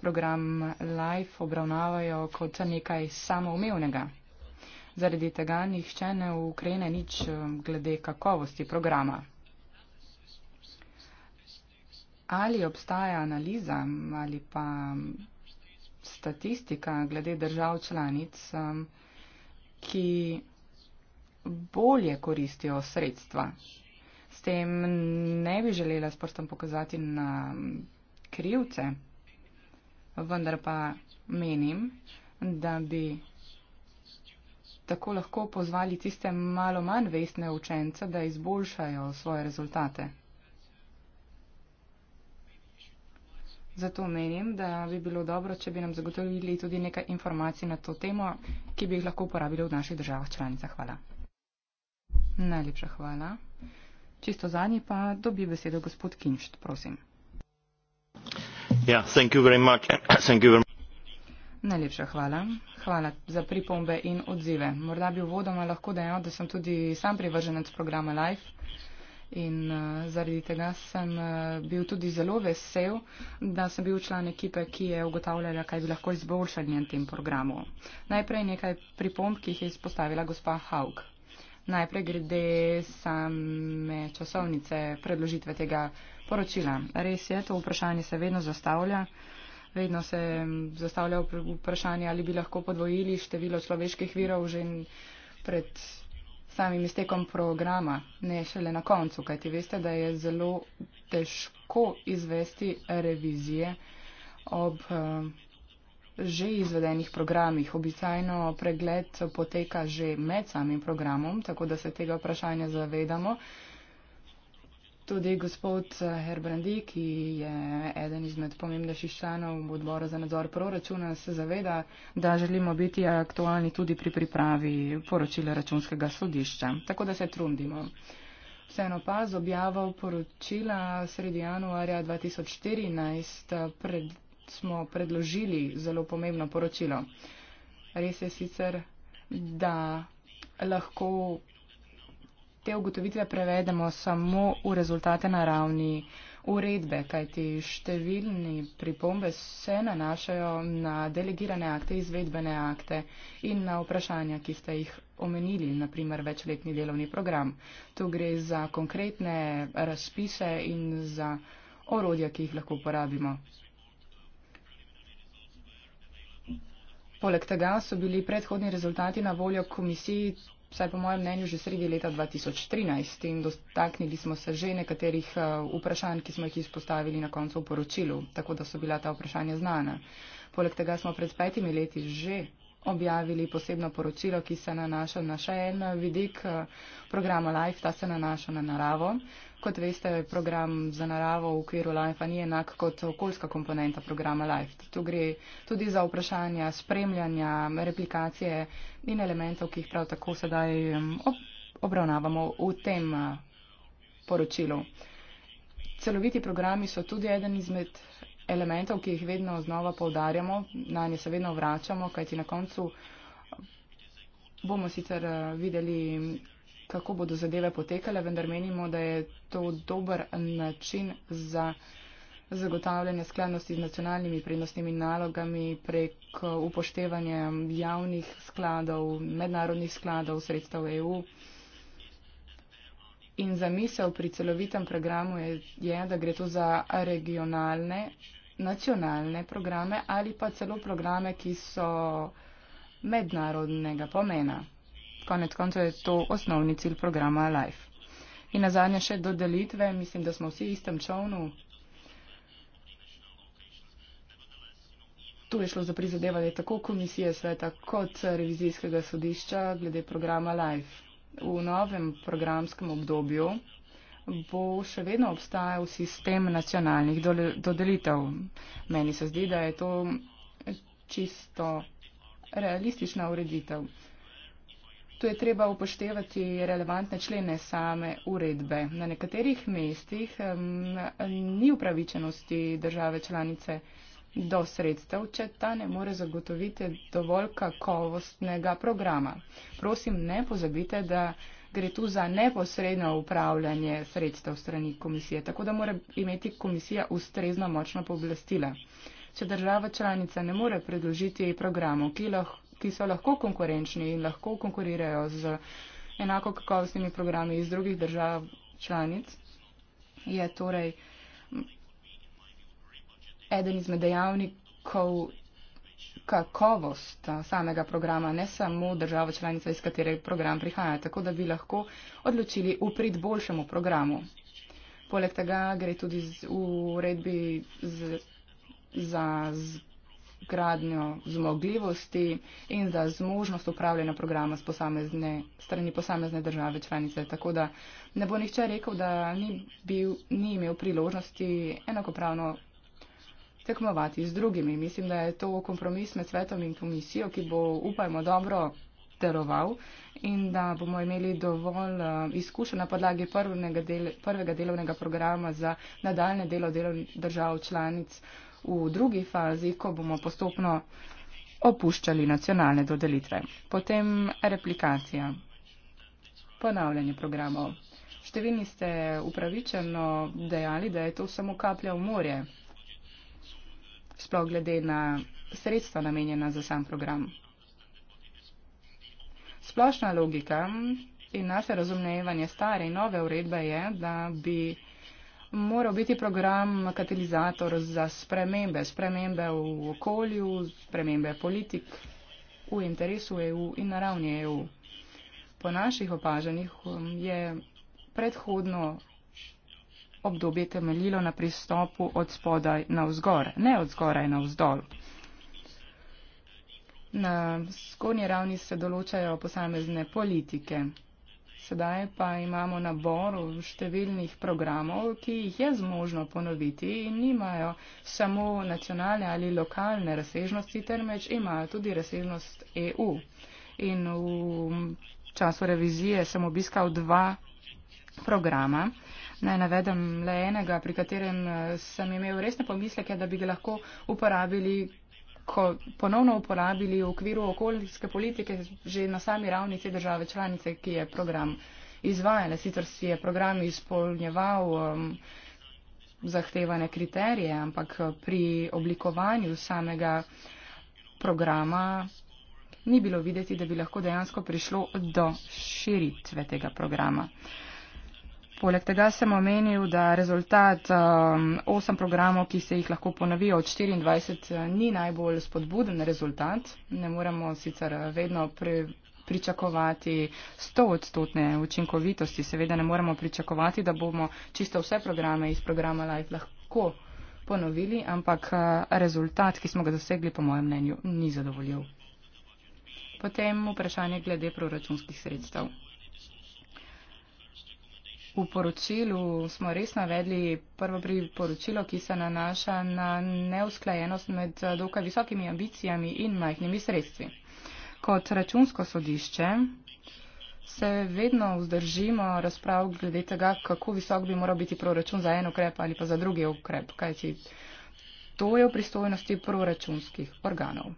Program LIFE obravnavajo kot nekaj samoumevnega zaradi tega nihče ne ukrene nič um, glede kakovosti programa. Ali obstaja analiza ali pa um, statistika glede držav članic, um, ki bolje koristijo sredstva? S tem ne bi želela s prstom pokazati na krivce, vendar pa menim, da bi tako lahko pozvali tiste malo manj vestne učence, da izboljšajo svoje rezultate. Zato menim, da bi bilo dobro, če bi nam zagotovili tudi nekaj informacij na to temo, ki bi jih lahko uporabili v naših državah članicah. Hvala. Najlepša hvala. Čisto zadnji pa dobi besedo gospod Kinšt, prosim. Yeah, ja, thank you very much. Thank you very Najlepša hvala. Hvala za pripombe in odzive. Morda bi uvodoma lahko dejal, da sem tudi sam privrženec programa Life. In uh, zaradi tega sem uh, bil tudi zelo vesel, da sem bil član ekipe, ki je ugotavljala, kaj bi lahko izboljšali na tem programu. Najprej nekaj pripomb, ki jih je izpostavila gospa Haug. Najprej grede same časovnice predložitve tega poročila. Res je, to vprašanje se vedno zastavlja. Uh, vedno se mm, zastavlja vprašanje, ali bi lahko podvojili število človeških virov že pred samim iztekom programa, ne šele na koncu, kajti veste, da je zelo težko izvesti revizije ob eh, že izvedenih programih. Običajno pregled poteka že med samim programom, tako da se tega vprašanja zavedamo. Tudi gospod eh, Herbrandi, ki je eden izmed pomembnejših članov odbora za nadzor proračuna, se zaveda, da želimo biti aktualni tudi pri pripravi poročila računskega sodišča. Tako da se trudimo. Vseeno pa z objavo poročila sredi januarja 2014 eh, pred, smo predložili zelo pomembno poročilo. Res je sicer, da lahko te ugotovitve prevedemo samo v rezultate na ravni uredbe, kajti številni pripombe se nanašajo na delegirane akte, izvedbene akte in na vprašanja, ki ste jih omenili, naprimer večletni delovni program. Tu gre za konkretne razpise in za orodja, ki jih lahko uporabimo. Poleg tega so bili predhodni rezultati na voljo komisiji vsaj po mojem mnenju, že sredi leta 2013 in dotaknili smo se že nekaterih eh, vprašanj, ki smo jih izpostavili na koncu v poročilu, tako da so bila ta vprašanja znana. Poleg tega smo pred petimi leti že objavili posebno poročilo, ki se nanaša na še en vidik eh, programa LIFE, ta se nanaša na naravo, Kot veste, program za naravo v okviru LIFE-a ni enak kot okoljska komponenta programa LIFE. Tu gre tudi za vprašanja spremljanja, replikacije in elementov, ki jih prav tako sedaj ob obravnavamo v tem poročilu. Celoviti programi so tudi eden izmed elementov, ki jih vedno znova povdarjamo, na nje se vedno vračamo, kajti na koncu bomo sicer videli kako bodo zadeve potekale, vendar menimo, da je to dober način za zagotavljanje skladnosti z nacionalnimi prednostnimi nalogami prek uh, upoštevanja javnih skladov, mednarodnih skladov, sredstev EU. In zamisel pri celovitem programu je, je, da gre to za regionalne, nacionalne programe ali pa celo programe, ki so mednarodnega pomena. Konec koncev je to osnovni cilj programa Life. In na zadnje še dodelitve, mislim, da smo vsi v istem čovnu. Tu je šlo za prizadevanje tako komisije sveta kot revizijskega sodišča glede programa Life. V novem programskem obdobju bo še vedno obstajal sistem nacionalnih dodelitev. Meni se zdi, da je to čisto realistična ureditev. Tu je treba upoštevati relevantne člene same uredbe. Na nekaterih mestih ni upravičenosti države članice do sredstev, če ta ne more zagotoviti dovolj kakovostnega programa. Prosim, ne pozabite, da gre tu za neposredno upravljanje sredstev strani komisije, tako da mora imeti komisija ustrezno močno pooblastila. Če država članica ne more predložiti programov, ki lahko ki so lahko konkurenčni in lahko konkurirajo z enako kakovostnimi programi iz drugih držav članic, je torej eden izmed dejavnikov kakovost eh, samega programa, ne samo država članica, iz katere program prihaja, tako da bi lahko odločili uprit boljšemu programu. Poleg tega gre tudi z, v uredbi z, za z gradnjo zmogljivosti in za zmožnost upravljanja programa s posamezne, strani posamezne države članice. Tako da ne bo nihče rekel, da ni, bil, ni imel priložnosti enakopravno tekmovati z drugimi. Mislim, da je to kompromis med svetom in komisijo, ki bo, upajmo, dobro deloval in da bomo imeli dovolj eh, izkušen na podlagi del, prvega delovnega programa za nadaljne delo, delo držav članic v drugi fazi, ko bomo postopno opuščali nacionalne dodelitve. Potem replikacija, ponavljanje programov. Številni ste upravičeno dejali, da je to samo kaplja v morje, sploh glede na sredstva namenjena za sam program. Splošna logika in naše razumevanje stare in nove uredbe je, da bi moral biti program katalizator za spremembe, spremembe v okolju, spremembe politik v interesu EU in na ravni EU. Po naših opažanjih um, je predhodno obdobje temeljilo na pristopu od spodaj na vzgor, ne od zgoraj na vzdolj. Na skornji ravni se določajo posamezne politike. Sedaj pa imamo nabor številnih programov, ki jih je zmožno ponoviti in nimajo samo nacionalne ali lokalne razsežnosti, temveč imajo tudi razsežnost EU. In v času revizije sem obiskal dva programa. Naj navedem le enega, pri katerem eh, sem imel resne pomisleke, da bi ga lahko uporabili ponovno uporabili v okviru okoljske politike že na sami ravni te države članice, ki je program izvajala. Sicer si je program izpolnjeval um, zahtevane kriterije, ampak uh, pri oblikovanju samega programa ni bilo videti, da bi lahko dejansko prišlo do širitve tega programa. Uh, Poleg tega sem omenil, da rezultat um, 8 programov, ki se jih lahko ponovijo od 24, uh, ni najbolj spodbuden rezultat. Ne moremo sicer vedno pri, pričakovati 100 odstotne učinkovitosti, seveda ne moremo pričakovati, da bomo čisto vse programe iz programa Life lahko ponovili, ampak uh, rezultat, ki smo ga dosegli, po mojem mnenju, ni zadovoljiv. Potem vprašanje glede proračunskih sredstev. V poročilu smo res navedli prvo priporočilo, ki se nanaša na neusklajenost med dokaj visokimi ambicijami in majhnimi sredstvi. Kot računsko sodišče se vedno vzdržimo razprav glede tega, kako visok bi moral biti proračun za en ukrep ali pa za drugi ukrep, kajti to je v pristojnosti proračunskih organov.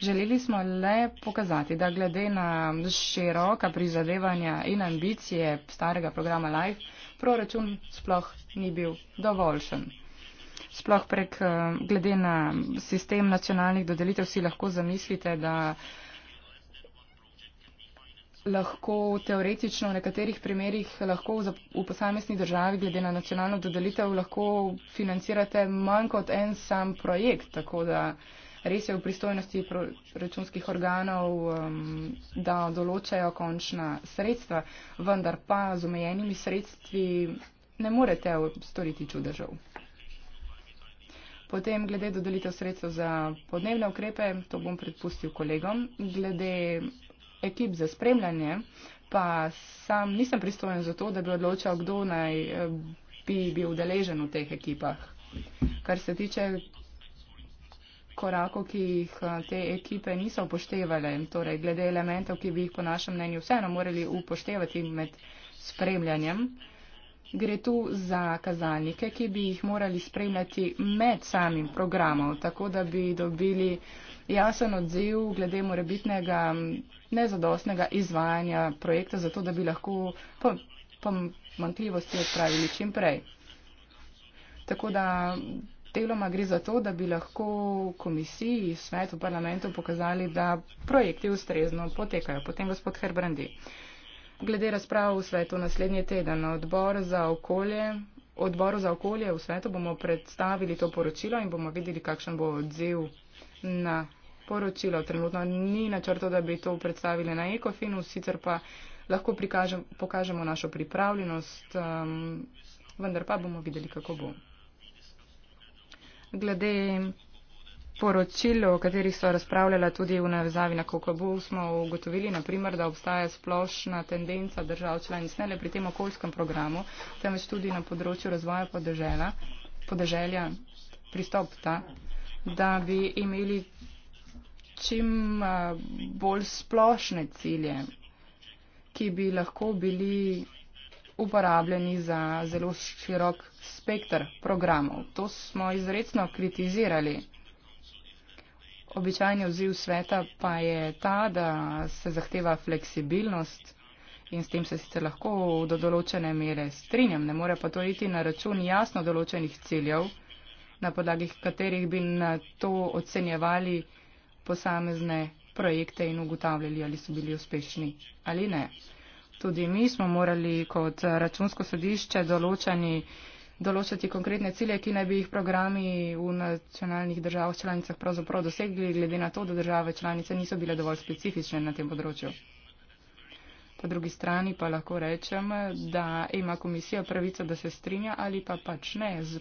Želeli smo le pokazati, da glede na široka prizadevanja in ambicije starega programa Life, proračun sploh ni bil dovoljšen. Sploh prek, eh, glede na sistem nacionalnih dodelitev si lahko zamislite, da lahko teoretično v nekaterih primerjih lahko v posamezni državi glede na nacionalno dodelitev lahko financirate manj kot en sam projekt. Tako da res je v pristojnosti proračunskih organov, um, da določajo končna sredstva, vendar pa z omejenimi sredstvi ne morete storiti čudežev. Potem glede dodelitev sredstev za podnebne ukrepe, to bom predpustil kolegom, glede ekip za spremljanje, pa sam nisem pristojen za to, da bi odločal, kdo naj eh, bi bil deležen v teh ekipah. Kar se tiče korakov, ki jih eh, te ekipe niso upoštevale, torej glede elementov, ki bi jih po našem mnenju vseeno morali upoštevati med spremljanjem. Gre tu za kazalnike, ki bi jih morali spremljati med samim programom, tako da bi dobili jasen odziv glede morebitnega nezadostnega izvajanja projekta, zato da bi lahko pomankljivosti odpravili čim prej. Tako da deloma gre za to, da bi lahko komisiji, svetu, parlamentu pokazali, da projekti ustrezno potekajo. Potem gospod Herbrandi. Glede razprav v svetu naslednji teden, odbor za okolje, odboru za okolje v svetu bomo predstavili to poročilo in bomo videli, kakšen bo odziv na poročilo. Trenutno ni načrto, da bi to predstavili na ekofinu, sicer pa lahko prikažem, pokažemo našo pripravljenost, um, vendar pa bomo videli, kako bo glede poročil, o katerih so razpravljala tudi v navezavi na Kokobu, smo ugotovili, naprimer, da obstaja splošna tendenca držav članic ne le pri tem okoljskem programu, temveč tudi na področju razvoja podeželja, podeželja pristop ta, da bi imeli čim bolj splošne cilje, ki bi lahko bili uporabljeni za zelo širok spektr programov. To smo izredno kritizirali. Običajni odziv sveta pa je ta, da se zahteva fleksibilnost in s tem se sicer lahko do določene mere strinjam, ne more pa to iti na račun jasno določenih ciljev, na podlagi katerih bi na to ocenjevali posamezne projekte in ugotavljali, ali so bili uspešni ali ne. Tudi mi smo morali kot računsko sodišče določeni določati konkretne cilje, ki naj bi jih programi v nacionalnih državah članicah pravzaprav dosegli, glede na to, da države članice niso bile dovolj specifične na tem področju. Po drugi strani pa lahko rečem, da ima komisija pravico, da se strinja ali pa pač ne z,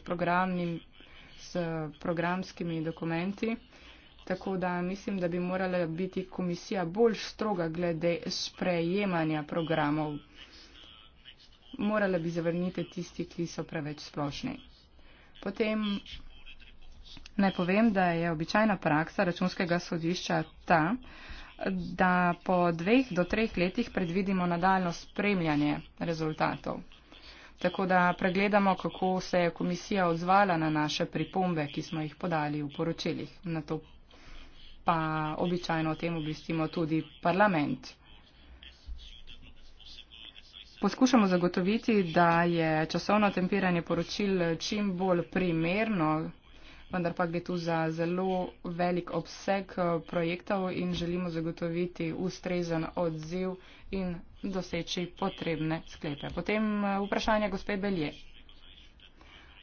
z programskimi dokumenti. Tako da mislim, da bi morala biti komisija bolj stroga glede sprejemanja programov morale bi zavrniti tisti, ki so preveč splošni. Potem naj povem, da je običajna praksa računskega sodišča ta, da po dveh do treh letih predvidimo nadaljno spremljanje rezultatov. Tako da pregledamo, kako se je komisija odzvala na naše pripombe, ki smo jih podali v poročilih. Na to pa običajno o tem obvestimo tudi parlament poskušamo zagotoviti, da je časovno tempiranje poročil čim bolj primerno, vendar pa gre tu za zelo velik obseg eh, projektov in želimo zagotoviti ustrezen odziv in doseči potrebne sklepe. Potem eh, vprašanje gospe Belje.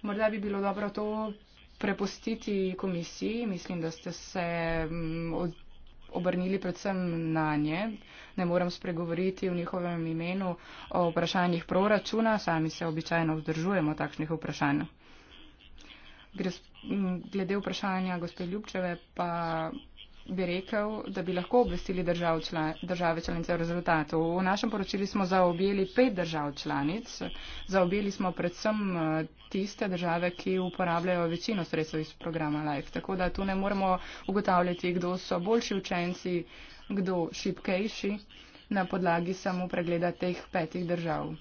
Morda bi bilo dobro to prepustiti komisiji. Mislim, da ste se mm, obrnili predvsem na nje. Ne moram spregovoriti v njihovem imenu o vprašanjih proračuna, sami se običajno vzdržujemo takšnih vprašanj. Glede vprašanja gospe Ljubčeve pa bi rekel, da bi lahko obvestili držav člani, države članice o rezultatu. V našem poročili smo zaobjeli pet držav članic. Zaobjeli smo predvsem eh, tiste države, ki uporabljajo večino sredstev iz programa LIFE. Tako da tu ne moremo ugotavljati, kdo so boljši učenci, kdo šipkejši na podlagi samo pregleda teh petih držav.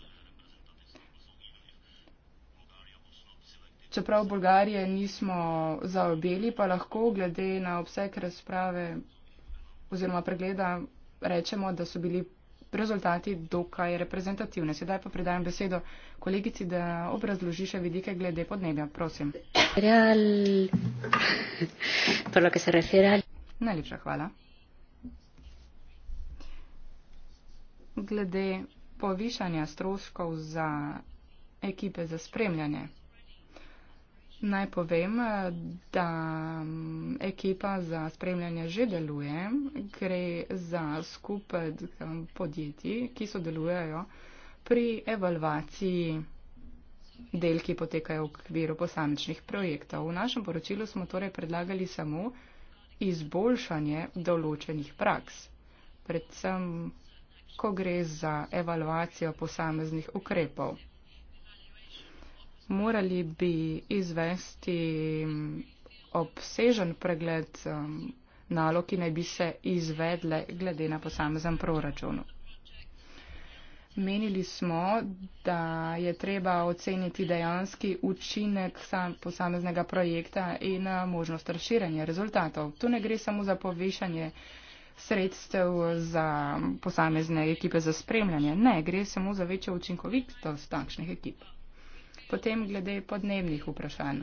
čeprav Bolgarije nismo zaobjeli, pa lahko glede na obseg razprave oziroma pregleda rečemo, da so bili rezultati dokaj reprezentativni. Sedaj pa predajam besedo kolegici, da obrazloži še vidike glede podnebja. Prosim. Najlepša hvala. Glede povišanja stroškov za ekipe za spremljanje. Naj povem, da ekipa za spremljanje že deluje. Gre za skupaj podjetij, ki sodelujejo pri evalvaciji del, ki potekajo v okviru posamičnih projektov. V našem poročilu smo torej predlagali samo izboljšanje določenih praks, predvsem, ko gre za evalvacijo posameznih ukrepov morali bi izvesti mm, obsežen pregled mm, nalog, ki naj bi se izvedle glede na posamezen proračun. Menili smo, da je treba oceniti dejanski učinek posameznega projekta in eh, možnost razširanja rezultatov. Tu ne gre samo za povišanje sredstev za posamezne ekipe za spremljanje. Ne, gre samo za večjo učinkovitost takšnih ekip. Potem glede podnebnih vprašanj.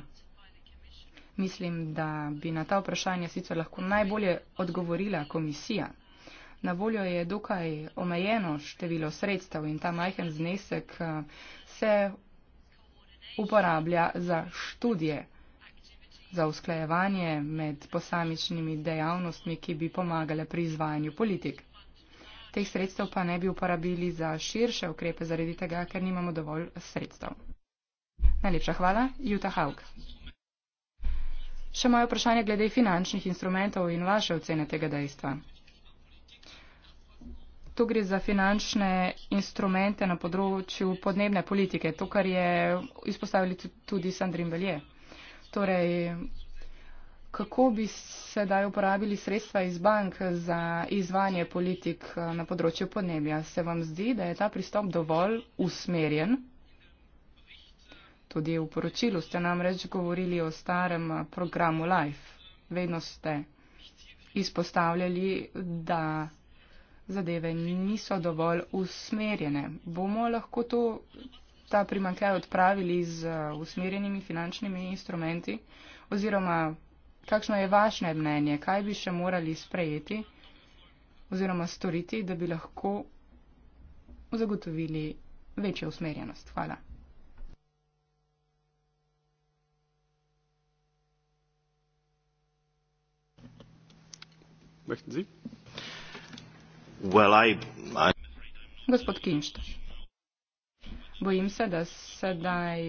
Mislim, da bi na ta vprašanja sicer lahko najbolje odgovorila komisija. Na voljo je dokaj omejeno število sredstev in ta majhen znesek eh, se uporablja za študije, za usklajevanje med posamičnimi dejavnostmi, ki bi pomagale pri izvajanju politik. Teh sredstev pa ne bi uporabili za širše ukrepe zaradi tega, ker nimamo dovolj sredstev. Najlepša hvala, Juta Haug. Še moje vprašanje glede finančnih instrumentov in vaše ocene tega dejstva. Tu gre za finančne instrumente na področju podnebne politike, to, kar je izpostavili tudi Sandrin Belje. Torej, kako bi sedaj uporabili sredstva iz bank za izvanje politik eh, na področju podnebja? Se vam zdi, da je ta pristop dovolj usmerjen? Tudi v poročilu ste nam reč govorili o starem programu Life. Vedno ste izpostavljali, da zadeve niso dovolj usmerjene. Bomo lahko to, ta primankaj odpravili z uh, usmerjenimi finančnimi instrumenti? Oziroma, kakšno je vaše mnenje? Kaj bi še morali sprejeti oziroma storiti, da bi lahko zagotovili večjo usmerjenost? Hvala. möchten Sie? Well, I, I... Gospod Kinšt, bojim se, da sedaj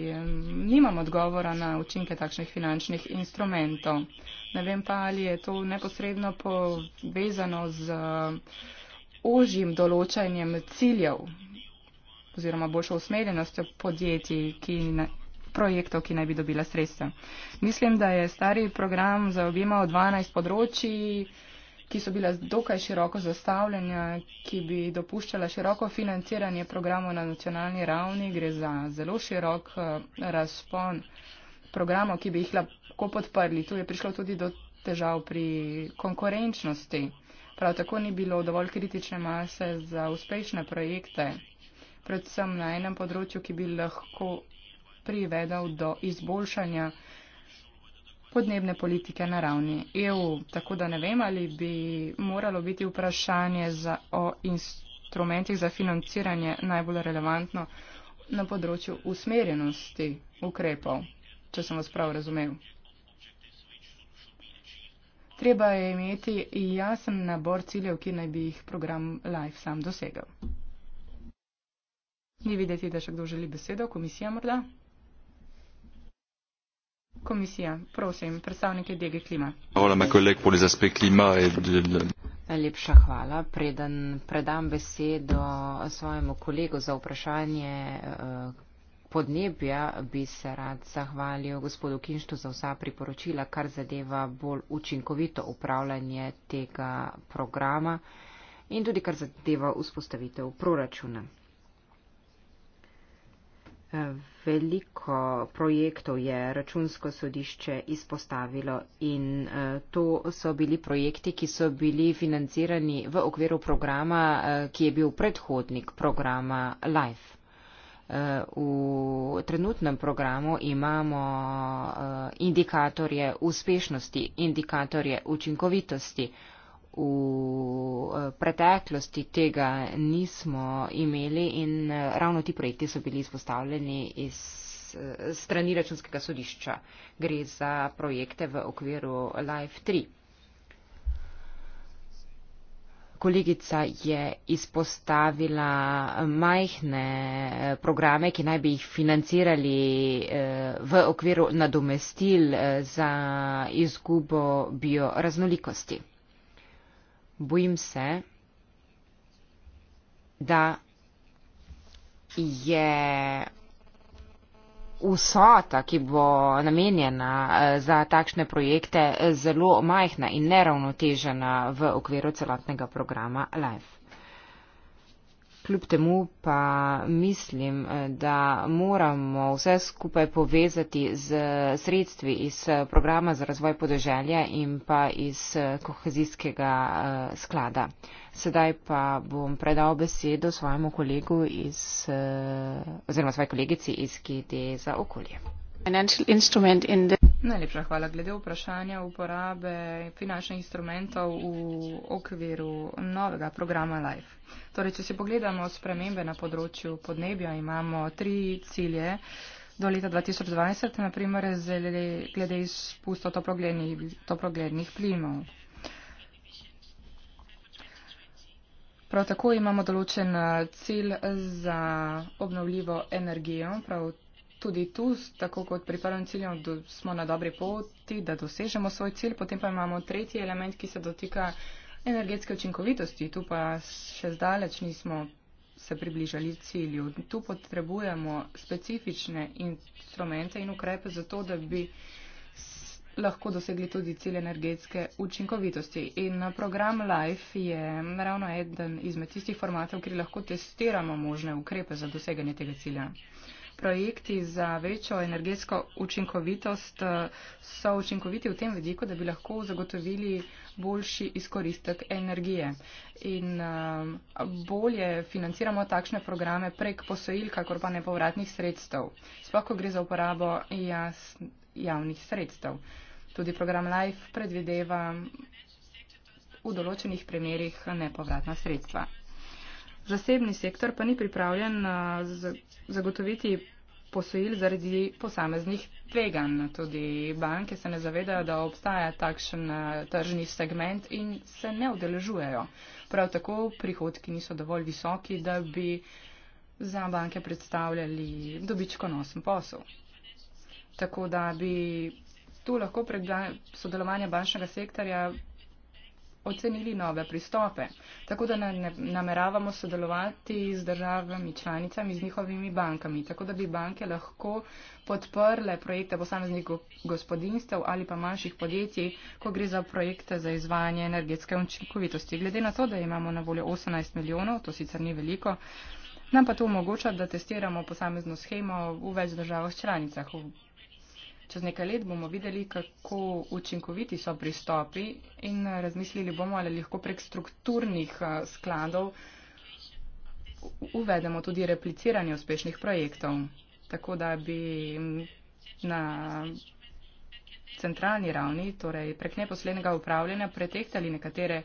nimam odgovora na učinke takšnih finančnih instrumentov. Ne vem pa, ali je to neposredno povezano z ožjim določanjem ciljev oziroma boljšo usmerjenostjo podjetij, ki ne, projektov, ki naj bi dobila sredstva. Mislim, da je stari program za objema 12 področji ki so bila dokaj široko zastavljena, ki bi dopuščala široko financiranje programov na nacionalni ravni. Gre za zelo širok eh, razpon programov, ki bi jih lahko podprli. Tu je prišlo tudi do težav pri konkurenčnosti. Prav tako ni bilo dovolj kritične mase za uspešne projekte, predvsem na enem področju, ki bi lahko privedal do izboljšanja podnebne politike na ravni EU. Tako da ne vem, ali bi moralo biti vprašanje za, o instrumentih za financiranje najbolj relevantno na področju usmerjenosti ukrepov, če sem vas prav razumel. Treba je imeti jasen nabor ciljev, ki naj bi jih program Life sam dosegal. Ni videti, da še kdo želi besedo, komisija morda? Komisija, prosim, predstavniki Dege Klima. Hvala, moj kolega, pri zaspeh klima. Najlepša hvala. Preden predam besedo svojemu kolegu za vprašanje eh, podnebja, bi se rad zahvalil gospodu Kinštu za vsa priporočila, kar zadeva bolj učinkovito upravljanje tega programa in tudi kar zadeva vzpostavitev proračuna. Veliko projektov je računsko sodišče izpostavilo in eh, to so bili projekti, ki so bili financirani v okviru programa, eh, ki je bil predhodnik programa LIFE. Eh, v trenutnem programu imamo indikatorje uspešnosti, indikatorje učinkovitosti, v eh, preteklosti tega nismo imeli in eh, ravno ti projekti so bili izpostavljeni iz eh, strani računskega sodišča. Gre za projekte v okviru Life 3. Kolegica je izpostavila majhne programe, ki naj bi jih financirali v okviru nadomestil za izgubo bioraznolikosti bojim se, da je vsota, ki bo namenjena eh, za takšne projekte, eh, zelo majhna in neravnotežena v okviru celotnega programa LIFE. Kljub temu pa mislim, eh, da moramo vse skupaj povezati z sredstvi iz eh, programa za razvoj podeželja in pa iz eh, kohezijskega sklada. Sedaj pa bom predal besedo svojemu kolegu iz, oziroma svoji kolegici iz GD za okolje. Financial instrument in the Najlepša hvala. Glede vprašanja uporabe finančnih instrumentov v okviru novega programa LIFE. Torej, če si pogledamo spremembe na področju podnebja, imamo tri cilje. Do leta 2020, naprimer, glede izpustov toplogrednih, toplogrednih plinov. Prav tako imamo določen eh, cilj za obnovljivo energijo, prav tako tudi tu, tako kot pri prvem cilju, do, smo na dobri poti, da dosežemo svoj cilj. Potem pa imamo tretji element, ki se dotika energetske učinkovitosti. Tu pa še zdaleč nismo se približali cilju. Tu potrebujemo specifične instrumente in ukrepe za to, da bi lahko dosegli tudi cilj energetske učinkovitosti. In eh, program LIFE je ravno eden izmed tistih formatov, kjer lahko testiramo možne ukrepe za doseganje tega cilja projekti za večjo energetsko učinkovitost eh, so učinkoviti v tem vidiku, da bi lahko zagotovili boljši izkoristek energije. In eh, bolje financiramo takšne programe prek posojil, kakor pa nepovratnih sredstev. Sploh, ko gre za uporabo jas, javnih sredstev. Tudi program LIFE predvideva v določenih primerjih nepovratna sredstva. Zasebni sektor pa ni pripravljen eh, zagotoviti posojil zaradi posameznih tveganj. Tudi banke se ne zavedajo, da obstaja takšen eh, tržni segment in se ne udeležujejo. Prav tako prihodki niso dovolj visoki, da bi za banke predstavljali dobičkonosen posel. Tako da bi tu lahko prek sodelovanja bančnega sektorja ocenili nove pristope. Tako da nameravamo sodelovati z državami članicami, z njihovimi bankami, tako da bi banke lahko podprle projekte posameznih gospodinstev ali pa manjših podjetij, ko gre za projekte za izvajanje energetske učinkovitosti. Glede na to, da imamo na voljo 18 milijonov, to sicer ni veliko, nam pa to omogoča, da testiramo posamezno schemo v več državah članicah. Čez nekaj let bomo videli, kako učinkoviti so pristopi in razmislili bomo, ali lahko prek strukturnih eh, skladov uvedemo tudi repliciranje uspešnih projektov, tako da bi na centralni ravni, torej prek neposlednega upravljanja, pretehtali nekatere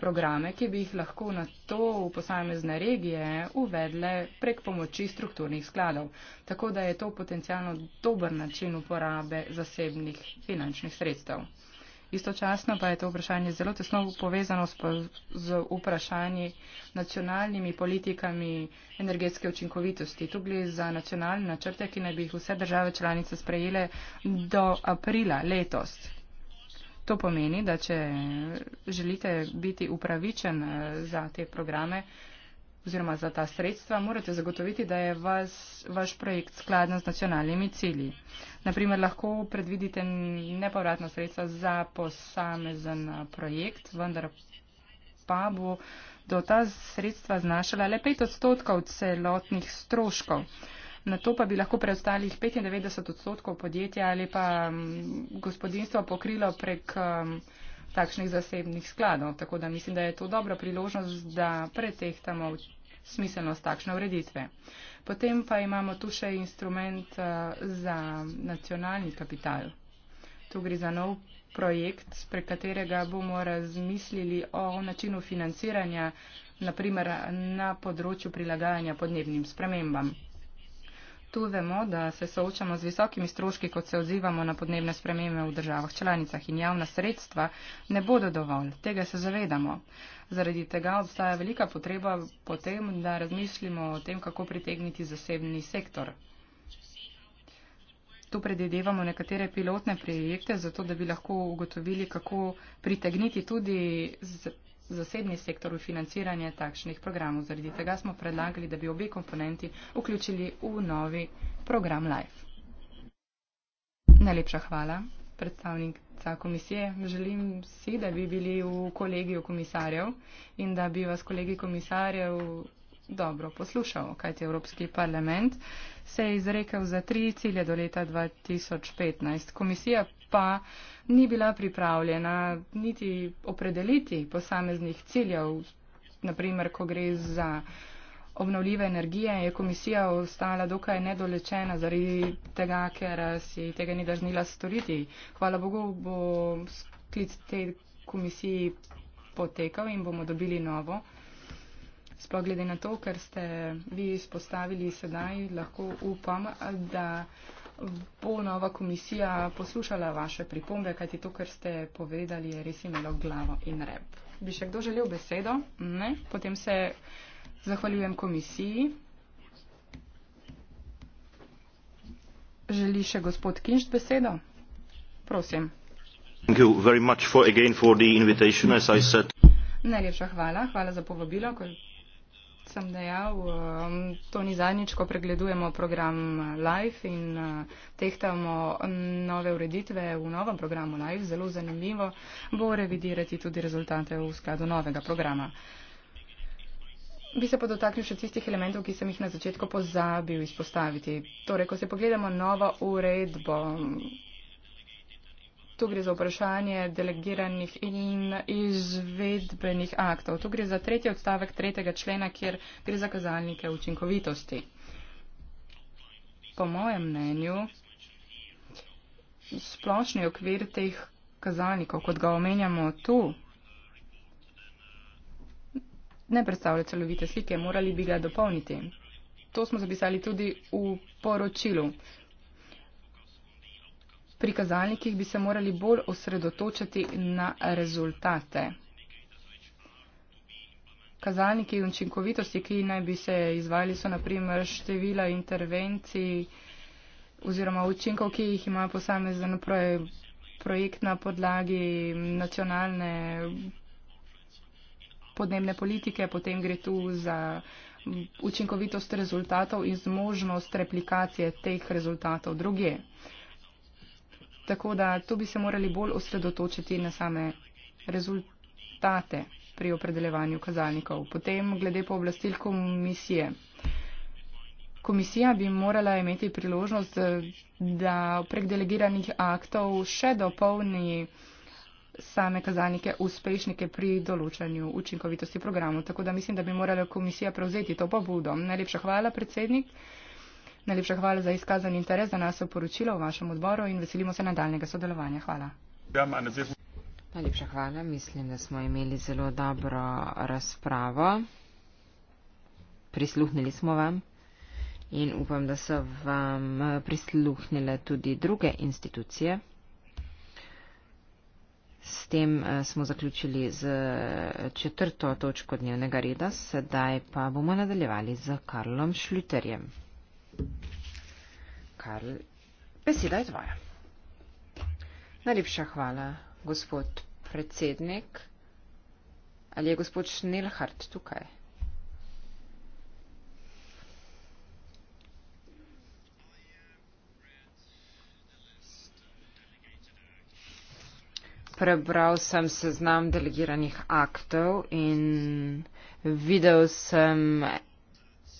programe, ki bi jih lahko na to v posamezne regije uvedle prek pomoči strukturnih skladov. Tako da je to potencijalno dober način uporabe zasebnih finančnih sredstev. Istočasno pa je to vprašanje zelo tesno povezano z vprašanji nacionalnimi politikami energetske učinkovitosti. Tu gre za nacionalne načrte, ki naj bi jih vse države članice sprejele do aprila letos. To pomeni, da če želite biti upravičen eh, za te programe oziroma za ta sredstva, morate zagotoviti, da je vas, vaš projekt skladen z nacionalnimi cilji. Naprimer, lahko predvidite nepovratna sredstva za posamezen eh, projekt, vendar pa bo do ta sredstva znašala le 5 odstotkov celotnih stroškov na to pa bi lahko preostalih 95 odstotkov podjetja ali pa mm, gospodinstvo pokrilo prek mm, takšnih zasebnih skladov. Tako da mislim, da je to dobra priložnost, da pretehtamo smiselnost takšne ureditve. Potem pa imamo tu še instrument eh, za nacionalni kapital. Tu gre za nov projekt, prek katerega bomo razmislili o načinu financiranja, naprimer na področju prilagajanja podnebnim spremembam. Tu vemo, da se soočamo z visokimi stroški, kot se odzivamo na podnebne spremembe v državah članicah in javna sredstva ne bodo dovolj. Tega se zavedamo. Zaradi tega obstaja velika potreba potem, da razmišljimo o tem, kako pritegniti zasebni sektor. Tu predvidevamo nekatere pilotne projekte, zato da bi lahko ugotovili, kako pritegniti tudi zasebni sektor v financiranje takšnih programov. Zaradi tega smo predlagali, da bi obe komponenti vključili v novi program LIFE. Najlepša hvala, predstavnica komisije. Želim si, da bi bili v kolegiju komisarjev in da bi vas kolegi komisarjev dobro poslušal, kajti Evropski parlament se je izrekel za tri cilje do leta 2015. Komisija pa ni bila pripravljena niti opredeliti posameznih ciljev, naprimer, ko gre za obnovljive energije, je komisija ostala dokaj nedolečena zaradi tega, ker si tega ni držnila storiti. Hvala Bogu bo sklic te komisiji potekal in bomo dobili novo. Sploh glede na to, kar ste vi izpostavili sedaj, lahko upam, da bo nova komisija poslušala vaše pripombe, kajti to, kar ste povedali, je res imelo glavo in rep. Bi še kdo želel besedo? Ne? Potem se zahvaljujem komisiji. Želi še gospod Kinšt besedo? Prosim. For, for Najlepša hvala. Hvala za povabilo sem dejal, um, to ni zadnjič, ko pregledujemo program Life in uh, tehtamo nove ureditve v novem programu Life. Zelo zanimivo bo revidirati tudi rezultate v skladu novega programa. Bi se pa dotaknil še tistih elementov, ki sem jih na začetku pozabil izpostaviti. Torej, ko se pogledamo novo uredbo, Tu gre za vprašanje delegiranih in izvedbenih aktov. Tu gre za tretji odstavek tretjega člena, kjer gre za kazalnike učinkovitosti. Po mojem mnenju, splošni okvir teh kazalnikov, kot ga omenjamo tu, ne predstavlja celovite slike, morali bi ga dopolniti. To smo zapisali tudi v poročilu pri kazalnikih bi se morali bolj osredotočiti na rezultate. Kazalniki učinkovitosti, ki naj bi se izvajali, so naprimer števila intervencij oziroma učinkov, ki jih ima posamezen projekt na podlagi nacionalne podnebne politike, potem gre tu za učinkovitost rezultatov in zmožnost replikacije teh rezultatov druge. Tako da tu bi se morali bolj osredotočiti na same rezultate pri opredeljevanju kazalnikov. Potem glede pooblastil komisije. Komisija bi morala imeti priložnost, da prek delegiranih aktov še dopolni same kazalnike uspešnike pri določanju učinkovitosti programov. Tako da mislim, da bi morala komisija prevzeti to pobudo. Najlepša hvala, predsednik. Najlepša hvala za izkazan interes za naše poročilo v vašem odboru in veselimo se nadaljnega sodelovanja. Hvala. Najlepša hvala. Mislim, da smo imeli zelo dobro razpravo. Prisluhnili smo vam in upam, da so vam prisluhnile tudi druge institucije. S tem eh, smo zaključili z eh, četrto točko dnevnega reda, sedaj pa bomo nadaljevali z Karlom Šluterjem. Karl, beseda je tvoja. Najlepša hvala, gospod predsednik. Ali je gospod Schnellhardt tukaj? Prebral sem seznam delegiranih aktov in videl sem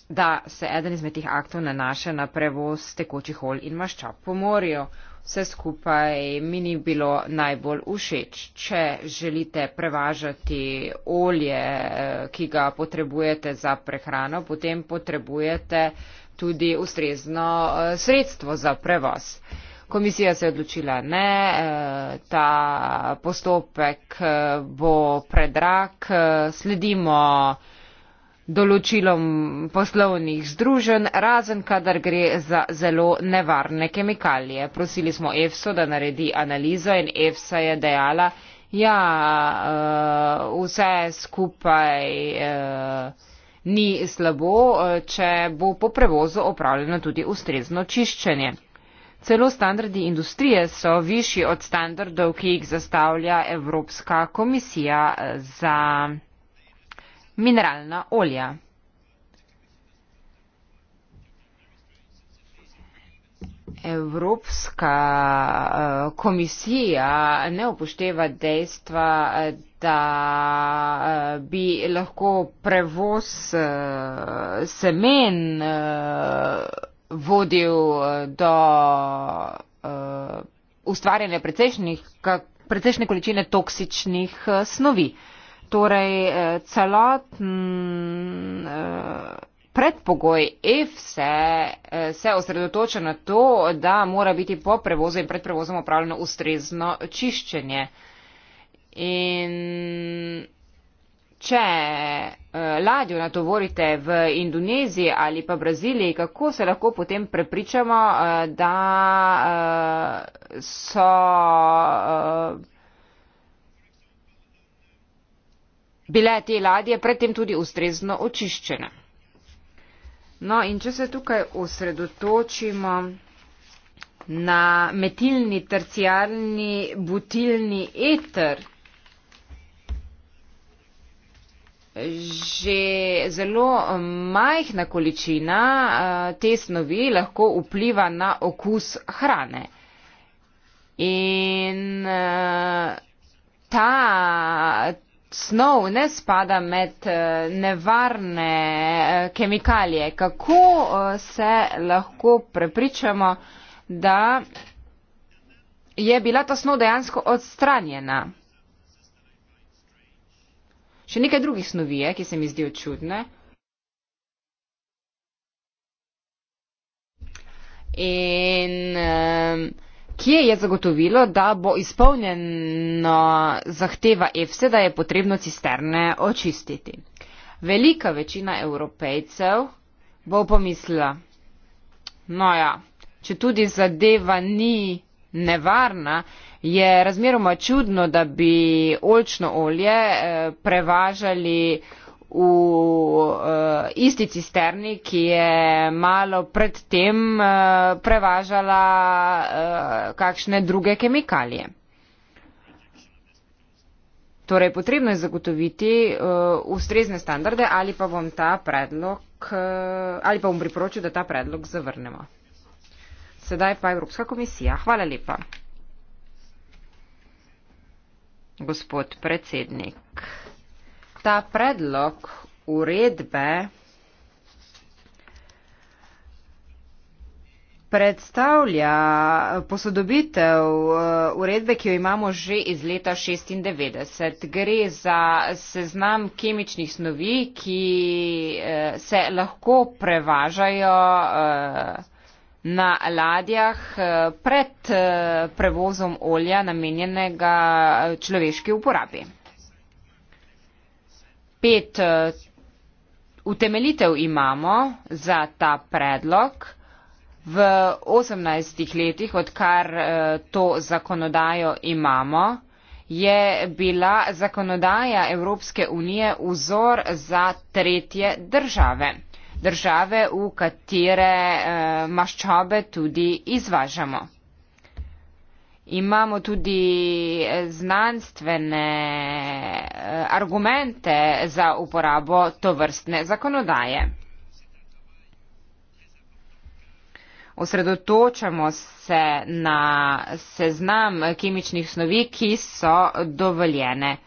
da se eden izmed tih aktov nanaša na prevoz tekočih olj in maščob po morju. Vse skupaj mi ni bilo najbolj všeč. Če želite prevažati olje, eh, ki ga potrebujete za prehrano, potem potrebujete tudi ustrezno eh, sredstvo za prevoz. Komisija se je odločila ne, eh, ta postopek bo predrag, sledimo določilom poslovnih združenj, razen kadar gre za zelo nevarne kemikalije. Prosili smo EFSO, da naredi analizo in EFSA je dejala, ja, eh, vse skupaj eh, ni slabo, eh, če bo po prevozu opravljeno tudi ustrezno čiščenje. Celo standardi industrije so višji od standardov, ki jih zastavlja Evropska komisija za mineralna olja. Evropska eh, komisija ne upošteva dejstva, da eh, bi lahko prevoz eh, semen vodil do ustvarjanja precejšnje količine toksičnih snovi. Torej, eh, celoten eh, predpogoj EF se, eh, se osredotoča na to, da mora biti po prevozu in pred prevozom opravljeno ustrezno čiščenje. In če ladjo natovorite v Indoneziji ali pa Braziliji, kako se lahko potem prepričamo, da so bile te ladje predtem tudi ustrezno očiščene. No in če se tukaj osredotočimo na metilni, terciarni, butilni eter, Že zelo majhna količina eh, te snovi lahko vpliva na okus hrane. In eh, ta, snov ne spada med eh, nevarne eh, kemikalije. Kako eh, se lahko prepričamo, da je bila ta snov dejansko odstranjena? Še nekaj drugih snovi je, ki se mi zdijo čudne. In um, kje je zagotovilo, da bo izpolnjena zahteva EFSE, da je potrebno cisterne očistiti. Velika večina evropejcev bo pomislila, no ja, če tudi zadeva ni nevarna, je razmeroma čudno, da bi olčno olje eh, prevažali v uh, isti cisterni, ki je malo predtem uh, eh, prevažala uh, kakšne druge kemikalije. Torej, potrebno je zagotoviti uh, ustrezne standarde ali pa bom ta predlog, uh, ali pa bom priporočil, da ta predlog zavrnemo. Sedaj pa Evropska komisija. Hvala lepa. Gospod predsednik ta predlog uredbe predstavlja posodobitev eh, uredbe, ki jo imamo že iz leta 96. Gre za seznam kemičnih snovi, ki eh, se lahko prevažajo eh, na ladjah pred prevozom olja namenjenega človeški uporabi pet eh, utemeljitev imamo za ta predlog v osemnajstih letih odkar eh, to zakonodajo imamo je bila zakonodaja evropske unije vzor za tretje države države v katere eh, maščobe tudi izvažamo imamo tudi eh, znanstvene eh, argumente za uporabo tovrstne zakonodaje. Osredotočamo se na seznam kemičnih snovi, ki so dovoljene.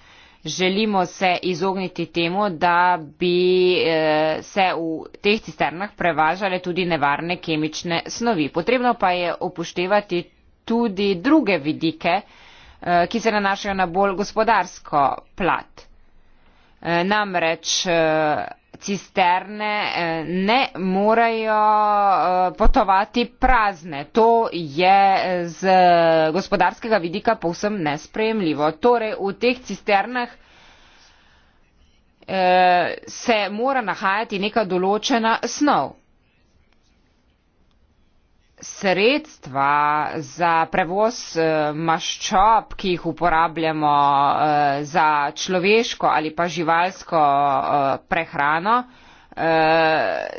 Želimo se izogniti temu, da bi eh, se v teh cisternah prevažale tudi nevarne kemične snovi. Potrebno pa je upoštevati tudi druge vidike, eh, ki se nanašajo na bolj gospodarsko plat. Eh, namreč eh, cisterne ne morejo potovati prazne. To je z gospodarskega vidika povsem nesprejemljivo. Torej, v teh cisternah se mora nahajati neka določena snov sredstva za prevoz eh, maščob, ki jih uporabljamo eh, za človeško ali pa živalsko eh, prehrano,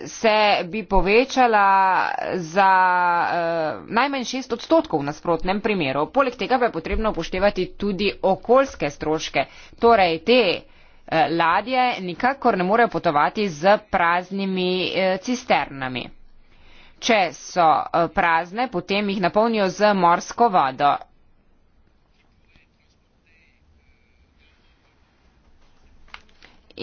se bi povečala za najmanj šest odstotkov v nasprotnem primeru. Poleg tega pa je potrebno upoštevati tudi okoljske stroške. Torej, te ladje nikakor ne morejo potovati z praznimi cisternami. Če so eh, prazne, potem jih napolnijo z morsko vodo.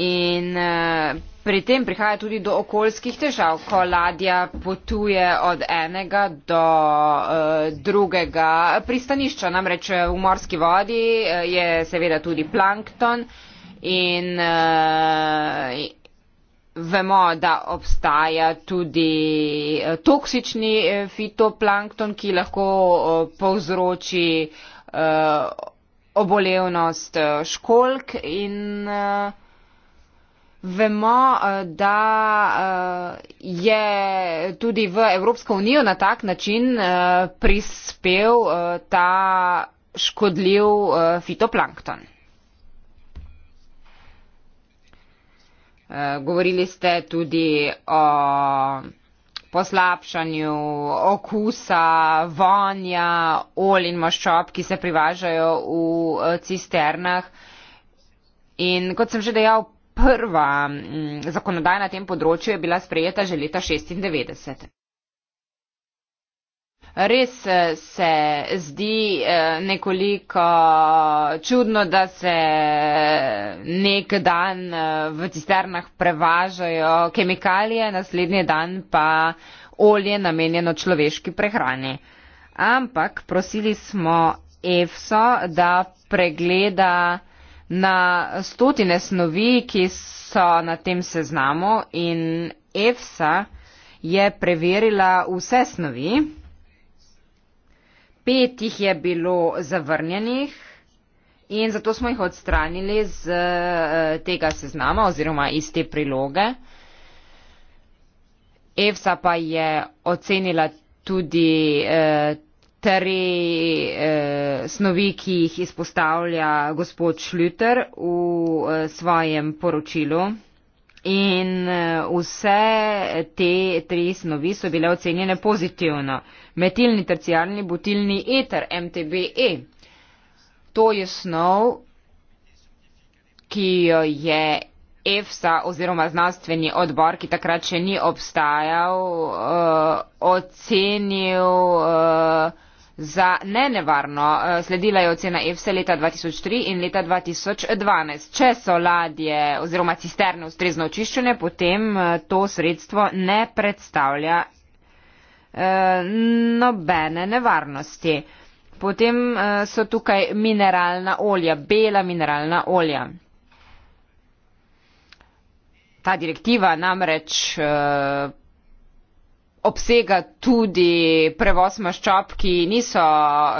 In eh, pri tem prihaja tudi do okoljskih težav, ko ladja potuje od enega do eh, drugega pristanišča. Namreč v morski vodi je seveda tudi plankton. In, Vemo, da obstaja tudi eh, toksični eh, fitoplankton, ki lahko eh, povzroči obolevnost školk in vemo, da je tudi v Evropsko unijo na tak način prispel ta škodljiv fitoplankton. Eh, govorili ste tudi o poslabšanju okusa, vonja, ol in maščob, ki se privažajo v eh, cisternah. In kot sem že dejal, prva mm, zakonodaja na tem področju je bila sprejeta že leta 96. Res eh, se zdi eh, nekoliko čudno, da se eh, nek dan v cisternah prevažajo kemikalije, naslednji dan pa olje namenjeno človeški prehrani. Ampak prosili smo EFSO, da pregleda na stotine snovi, ki so na tem seznamu in EFSA je preverila vse snovi pet jih je bilo zavrnjenih. In zato smo jih odstranili z eh, tega seznama oziroma iz te priloge. EFSA pa je ocenila tudi eh, tri eh, snovi, ki jih izpostavlja gospod Šljuter v eh, svojem poročilu. In eh, vse te tri snovi so bile ocenjene pozitivno. Metilni, terciarni, butilni eter, MTBE. To je snov, ki jo je EFSA oziroma znanstveni odbor, ki takrat še ni obstajal, uh, ocenil. Uh, za nenevarno, eh, sledila je ocena EFSA leta 2003 in leta 2012. Če so ladje oziroma cisterne ustrezno očiščene, potem eh, to sredstvo ne predstavlja eh, nobene nevarnosti. Potem so tukaj mineralna olja, bela mineralna olja. Ta direktiva namreč obsega tudi prevoz maščob, ki niso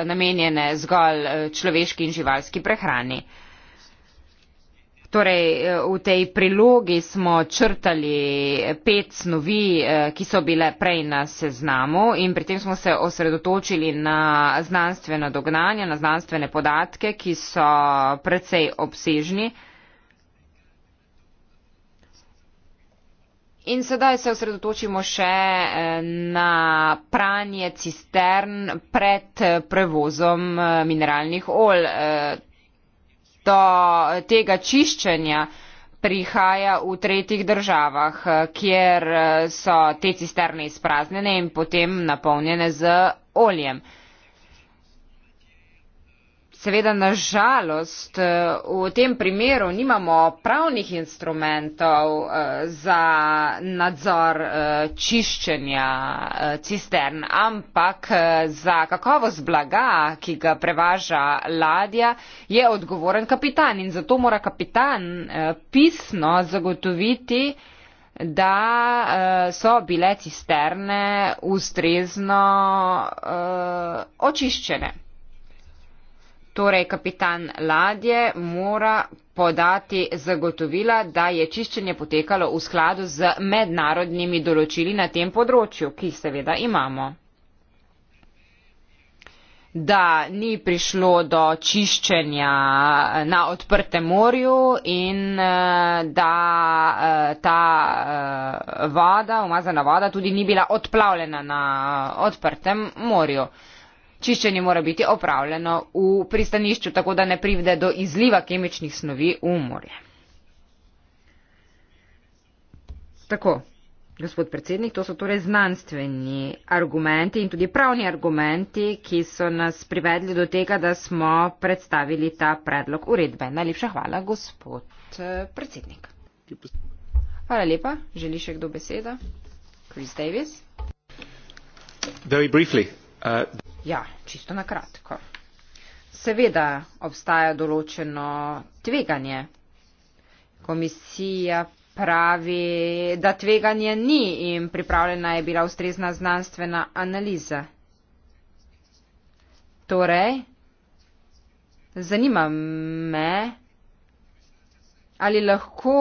namenjene zgolj eh, človeški in živalski prehrani. Torej, eh, v tej prilogi smo črtali pet snovi, eh, ki so bile prej na seznamu in pri tem smo se osredotočili na znanstvena dognanja, na znanstvene podatke, ki so precej obsežni. In sedaj se osredotočimo še eh, na pranje cistern pred eh, prevozom eh, mineralnih olj. Do tega čiščenja prihaja v tretjih državah, kjer so te cisterne izpraznjene in potem napolnjene z oljem seveda na žalost eh, v tem primeru nimamo pravnih instrumentov eh, za nadzor eh, čiščenja cistern, ampak za kakovost blaga, ki ga prevaža ladja, je odgovoren kapitan in zato mora kapitan pisno zagotoviti, da so bile cisterne ustrezno očiščene. Torej, kapitan ladje mora podati zagotovila, da je čiščenje potekalo v skladu z mednarodnimi določili na tem področju, ki seveda imamo. Da ni prišlo do čiščenja na odprtem morju in eh, da eh, ta eh, voda, umazana voda, tudi ni bila odplavljena na odprtem morju čiščenje mora biti opravljeno v pristanišču, tako da ne privede do izliva kemičnih snovi v morje. Tako, gospod predsednik, to so torej znanstveni argumenti in tudi pravni argumenti, ki so nas privedli do tega, da smo predstavili ta predlog uredbe. Najlepša hvala, gospod eh, predsednik. Hvala lepa. Želi še kdo beseda? Chris Davis. Very briefly. Eh, ja, čisto na kratko. Seveda obstaja določeno tveganje. Komisija pravi, da tveganje ni in pripravljena je bila ustrezna znanstvena analiza. Torej, zanima me, ali lahko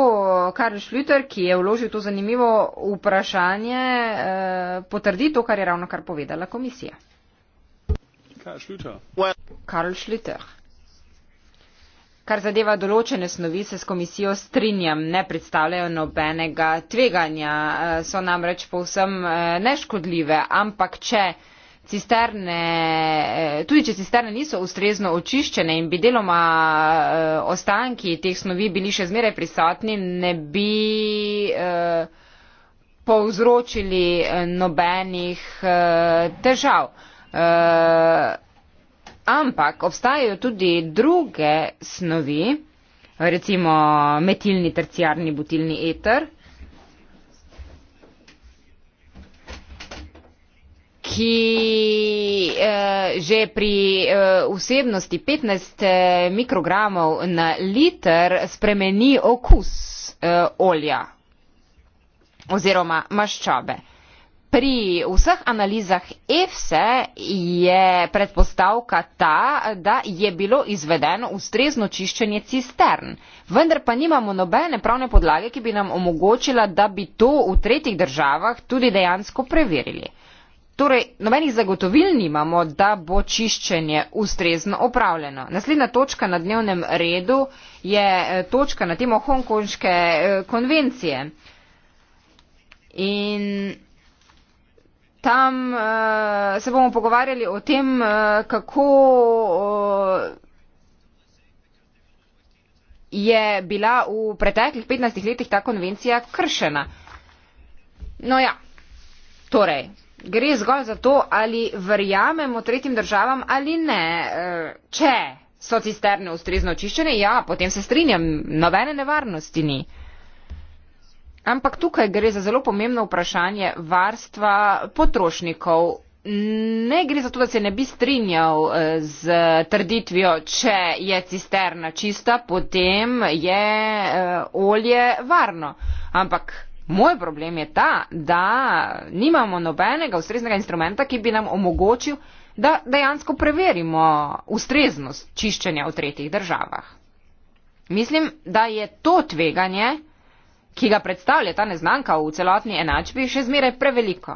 Karl Schlüter, ki je vložil to zanimivo vprašanje, eh, potrdi to, kar je ravno kar povedala komisija kar zadeva določene snovi, se s komisijo strinjam, ne predstavljajo nobenega tveganja, eh, so namreč povsem eh, neškodljive, ampak če cisterne, eh, tudi če cisterne niso ustrezno očiščene in bi deloma ostanki teh snovi bili še zmeraj prisotni, ne bi povzročili nobenih težav. Eh, ampak obstajajo tudi druge snovi, recimo metilni terciarni butilni eter, ki eh, že pri eh, vsebnosti 15 eh, mikrogramov na liter spremeni okus eh, olja oziroma maščobe pri vseh analizah EFSE je predpostavka ta, da je bilo izvedeno ustrezno čiščenje cistern, vendar pa nimamo nobene pravne podlage, ki bi nam omogočila, da bi to v tretjih državah tudi dejansko preverili. Torej, nobenih zagotovil nimamo, da bo čiščenje ustrezno opravljeno. Naslednja točka na dnevnem redu je eh, točka na temo Hongkonške eh, konvencije. In tam uh, se bomo pogovarjali o tem, uh, kako uh, je bila v preteklih 15 letih ta konvencija kršena. No ja, torej, gre zgolj za to, ali verjamemo tretjim državam ali ne. Uh, če so cisterne ustrezno očiščene, ja, potem se strinjam, nobene nevarnosti ni. Ampak tukaj gre za zelo pomembno vprašanje varstva potrošnikov. Ne gre za to, da se ne bi strinjal eh, z trditvijo, če je cisterna čista, potem je eh, olje varno. Ampak moj problem je ta, da nimamo nobenega ustreznega instrumenta, ki bi nam omogočil, da dejansko preverimo ustreznost čiščenja v tretjih državah. Mislim, da je to tveganje, ki ga predstavlja ta neznanka v celotni enačbi, še zmeraj preveliko.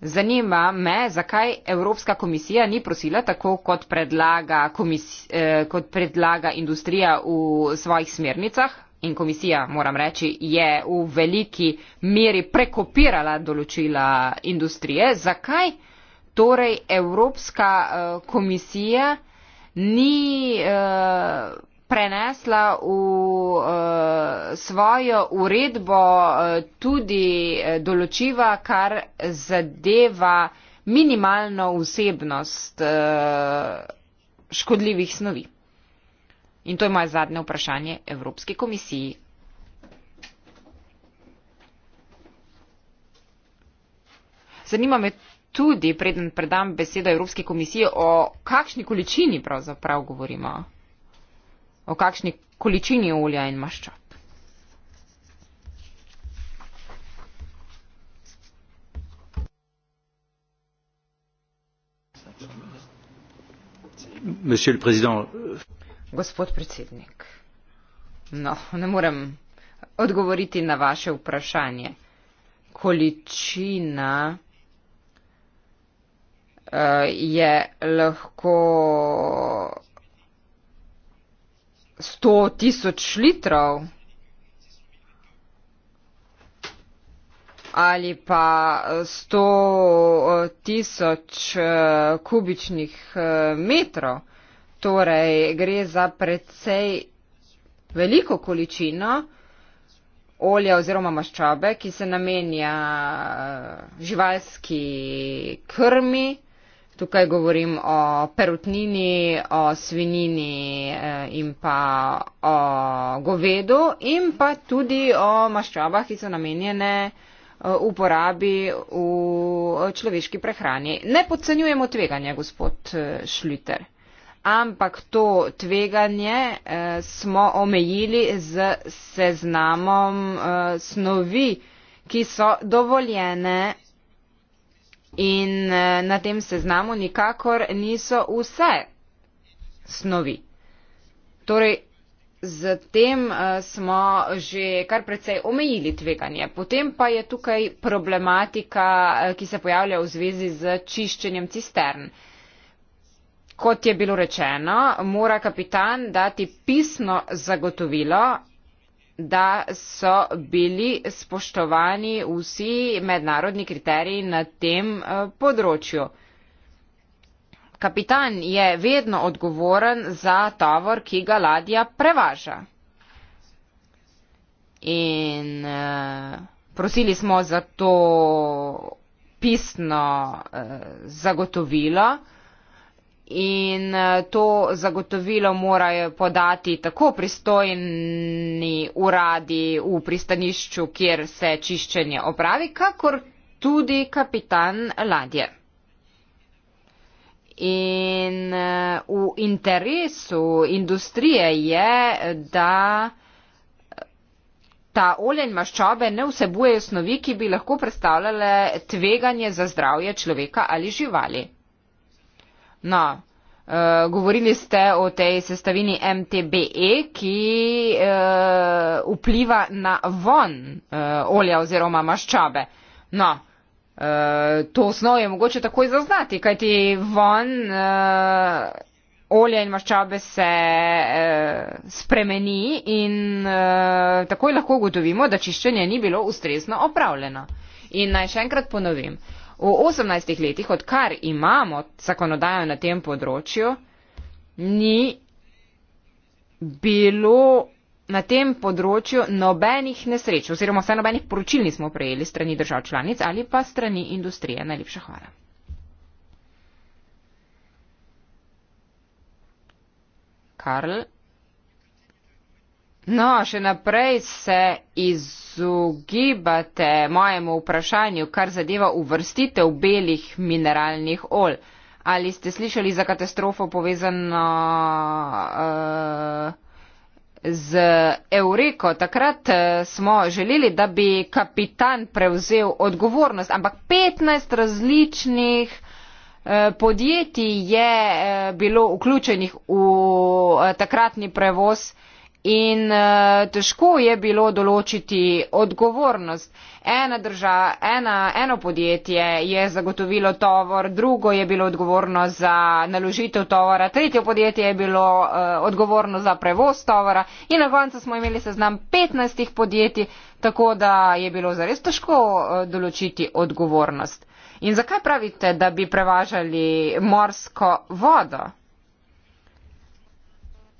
Zanima me, zakaj Evropska komisija ni prosila tako, kot predlaga, komis, eh, kot predlaga industrija v svojih smernicah. In komisija, moram reči, je v veliki meri prekopirala določila industrije. Zakaj torej Evropska eh, komisija ni. Eh, prenesla v uh, svojo uredbo uh, tudi eh, določiva, kar zadeva minimalno vsebnost uh, škodljivih snovi. In to je moje zadnje vprašanje Evropske komisiji. Zanima me tudi, preden predam besedo Evropske komisije, o kakšni količini pravzaprav govorimo o kakšni količini olja in maščob. Gospod predsednik, no, ne morem odgovoriti na vaše vprašanje. Količina uh, je lahko sto tisoč litrov ali pa eh, sto eh, tisoč eh, kubičnih metrov. Torej, gre za predvsej veliko količino olja oziroma maščobe, ki se namenja živalski krmi. Tukaj govorim o perutnini, o svinini eh, in pa o govedu in pa tudi o maščobah, ki so namenjene eh, uporabi v človeški prehrani. Ne podcenjujemo tveganja, gospod eh, Šliter, ampak to tveganje smo omejili z seznamom snovi, ki so dovoljene In eh, na tem seznamu nikakor niso vse snovi. Torej, z tem eh, smo že kar precej omejili tveganje. Potem pa je tukaj problematika, eh, ki se pojavlja v zvezi z čiščenjem cistern. Kot je bilo rečeno, mora kapitan dati pisno zagotovilo, da so bili spoštovani vsi mednarodni kriteriji na tem eh, področju. Kapitan je vedno odgovoren za tovor, ki ga ladja prevaža. In uh, prosili smo za to pisno uh, zagotovilo in eh, to zagotovilo morajo podati tako pristojni uradi v pristanišču, kjer se čiščenje opravi, kakor tudi kapitan ladje. In eh, v interesu industrije je, da eh, ta oljen maščobe ne vsebuje snovi, ki bi lahko predstavljale tveganje za zdravje človeka ali živali. No, uh, govorili ste o tej sestavini MTBE, ki uh, vpliva na von uh, eh, olja oziroma maščabe. No, uh, to osnov je mogoče takoj zaznati, kajti von. Uh, Olje in maščabe se eh, spremeni in eh, takoj lahko ugotovimo, da čiščenje ni bilo ustrezno opravljeno. In naj še enkrat ponovim, eh, v 18 letih, odkar imamo zakonodajo na tem področju, ni bilo na tem področju nobenih nesreč oziroma vse nobenih poročil nismo prejeli strani držav članic ali pa strani industrije. Najlepša hvala. Karl. No, še naprej se izogibate mojemu vprašanju, kar zadeva uvrstitev belih mineralnih olj. Ali ste slišali za katastrofo povezano uh, z Euriko? Takrat eh, smo želeli, da bi kapitan prevzel odgovornost, ampak 15 različnih eh, podjetij je bilo vključenih v takratni prevoz uh, In uh, težko je bilo določiti odgovornost. Ena država, ena, eno podjetje je zagotovilo tovor, drugo je bilo odgovorno za naložitev tovora, tretje podjetje je bilo uh, odgovorno za prevoz tovora in na koncu smo imeli seznam 15 podjetij, tako da je bilo zares težko uh, določiti odgovornost. In zakaj pravite, da bi prevažali morsko vodo?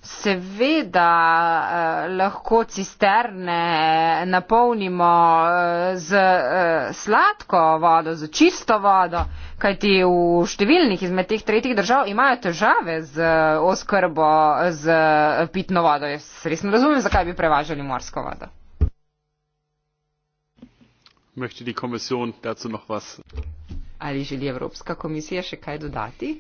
Seveda eh, lahko cisterne napolnimo eh, z eh, sladko vodo, z čisto vodo, kajti v številnih izmed teh tretjih držav imajo težave z oskrbo z pitno vodo. Jaz res ne razumem, zakaj bi prevažali morsko vodo. Ali želi Evropska komisija še kaj dodati?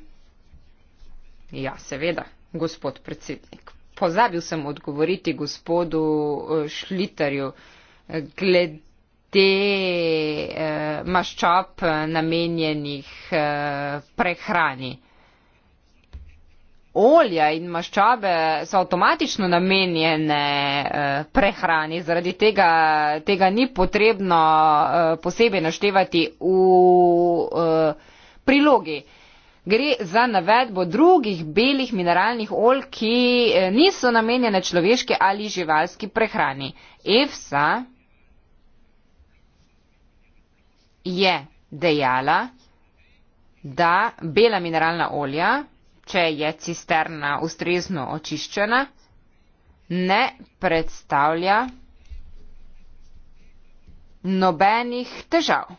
Ja, seveda gospod predsednik. Pozabil sem odgovoriti gospodu eh, Šlitarju eh, glede eh, maščob namenjenih prehrani. Olja in maščobe so avtomatično namenjene prehrani, zaradi tega, tega ni potrebno posebej naštevati v prilogi gre za navedbo drugih belih mineralnih olj, ki eh, niso namenjene človeški ali živalski prehrani. EFSA je dejala, da bela mineralna olja, če je cisterna ustrezno očiščena, ne predstavlja nobenih težav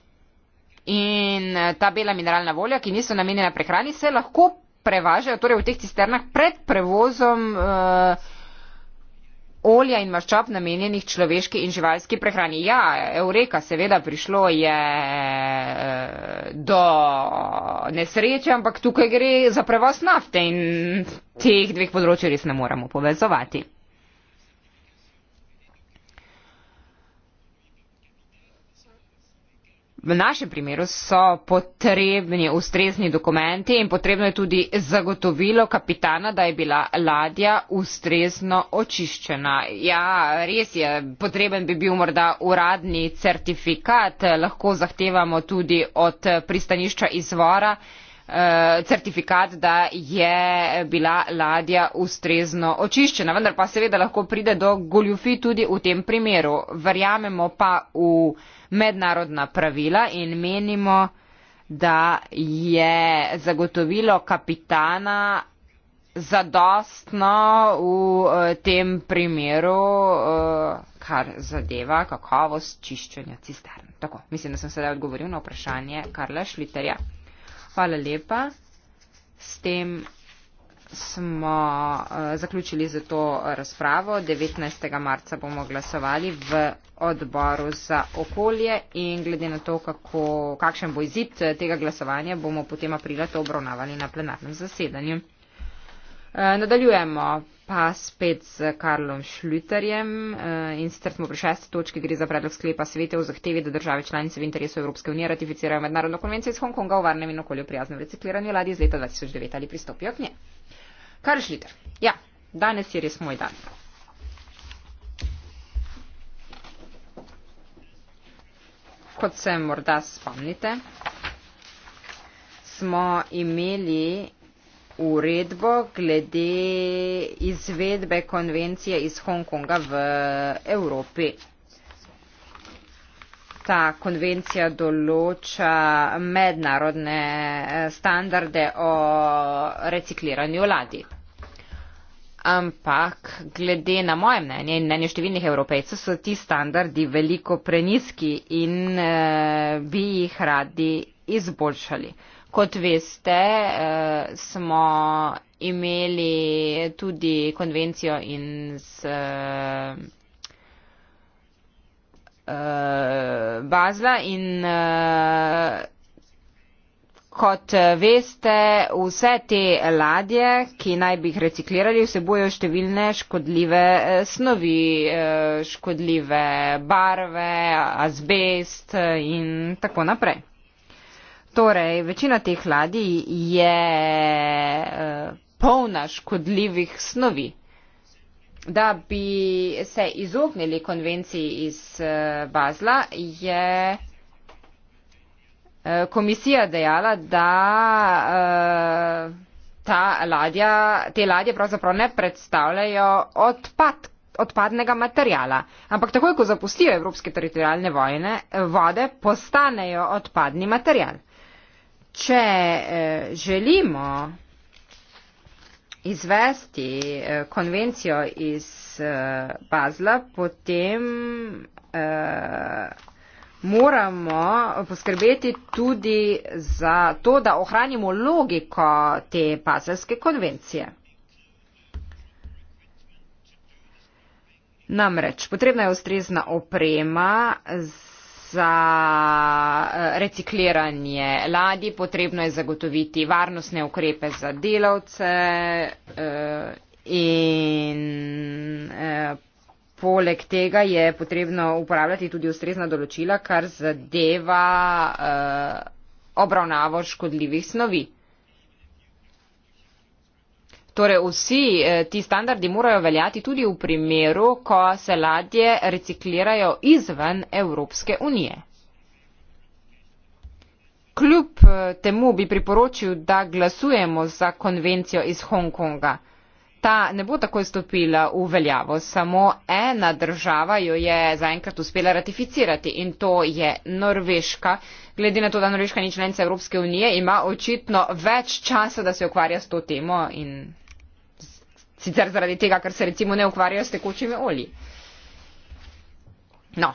in eh, ta bela mineralna volja, ki niso namenjena prehrani, se lahko prevažajo torej v teh cisternah pred prevozom uh, olja in maščob namenjenih človeški in živalski prehrani. Ja, Eureka, seveda, prišlo je uh, do nesreče, ampak tukaj gre za prevoz nafte in teh dveh področji res ne moramo povezovati. v našem primeru so potrebni ustrezni dokumenti in potrebno je tudi zagotovilo kapitana, da je bila ladja ustrezno očiščena. Ja, res je, potreben bi bil morda uradni certifikat, lahko zahtevamo tudi od pristanišča izvora Eh, certifikat, da je bila ladja ustrezno očiščena. Vendar pa seveda lahko pride do goljufi tudi v tem primeru. Verjamemo pa v mednarodna pravila in menimo, da je zagotovilo kapitana zadostno v eh, tem primeru, eh, kar zadeva kakovost čiščenja cistern. Tako, mislim, da sem sedaj odgovoril na vprašanje Karla Šliterja. Hvala lepa. S tem smo uh, zaključili za to razpravo. 19. marca bomo glasovali v odboru za okolje in glede na to, kako, kakšen bo izid tega glasovanja, bomo potem aprila to obravnavali na plenarnem zasedanju. Eh, nadaljujemo pa spet z Karlom Šluterjem eh, in sicer smo pri šesti točki, gre za predlog sklepa svete v zahtevi, da države članice v interesu Evropske unije ratificirajo mednarodno konvencijo iz Hongkonga o varnem in okolju prijaznem recikliranju ladi iz leta 2009 ali pristopijo k nje. Karl Šluter, ja, danes je res moj dan. Kot se morda spomnite, smo imeli uredbo glede izvedbe konvencije iz Hongkonga v Evropi. Ta konvencija določa mednarodne standarde o recikliranju ladi. Ampak, glede na moje mnenje in mnenje številnih evropejcev, so ti standardi veliko preniski in e, bi jih radi izboljšali. E, Kot veste, eh, smo imeli tudi konvencijo in s eh, eh, Bazla in kot veste, vse te ladje, ki naj bi jih reciklirali, vsebojo številne škodljive snovi, škodljive barve, azbest in tako naprej. Torej, večina teh ladij je eh, polna škodljivih snovi. Da bi se izognili konvenciji iz eh, Bazla, je eh, komisija dejala, da ladja, te ladje pravzaprav ne predstavljajo odpad, odpadnega materijala. Ampak takoj, ko zapustijo evropske teritorijalne vojne, vode postanejo odpadni materijal če eh, želimo izvesti eh, konvencijo iz eh, Bazla, potem eh, moramo poskrbeti tudi za to, da ohranimo logiko te bazelske konvencije. Namreč, potrebna je ustrezna oprema za eh, recikliranje ladij, potrebno je zagotoviti varnostne ukrepe za delavce eh, in eh, poleg tega je potrebno uporabljati tudi ustrezna določila, kar zadeva obravnavo škodljivih snovi torej vsi eh, ti standardi morajo veljati tudi v primeru, ko se ladje reciklirajo izven Evropske unije. Kljub eh, temu bi priporočil, da glasujemo za konvencijo iz Hongkonga. Ta ne bo takoj stopila v veljavo, samo ena država jo je zaenkrat uspela ratificirati in to je Norveška. Glede na to, da Norveška ni članica Evropske unije, ima očitno več časa, da se ukvarja s to temo in Sicer zaradi tega, ker se recimo ne ukvarjajo s tekočimi olji. No,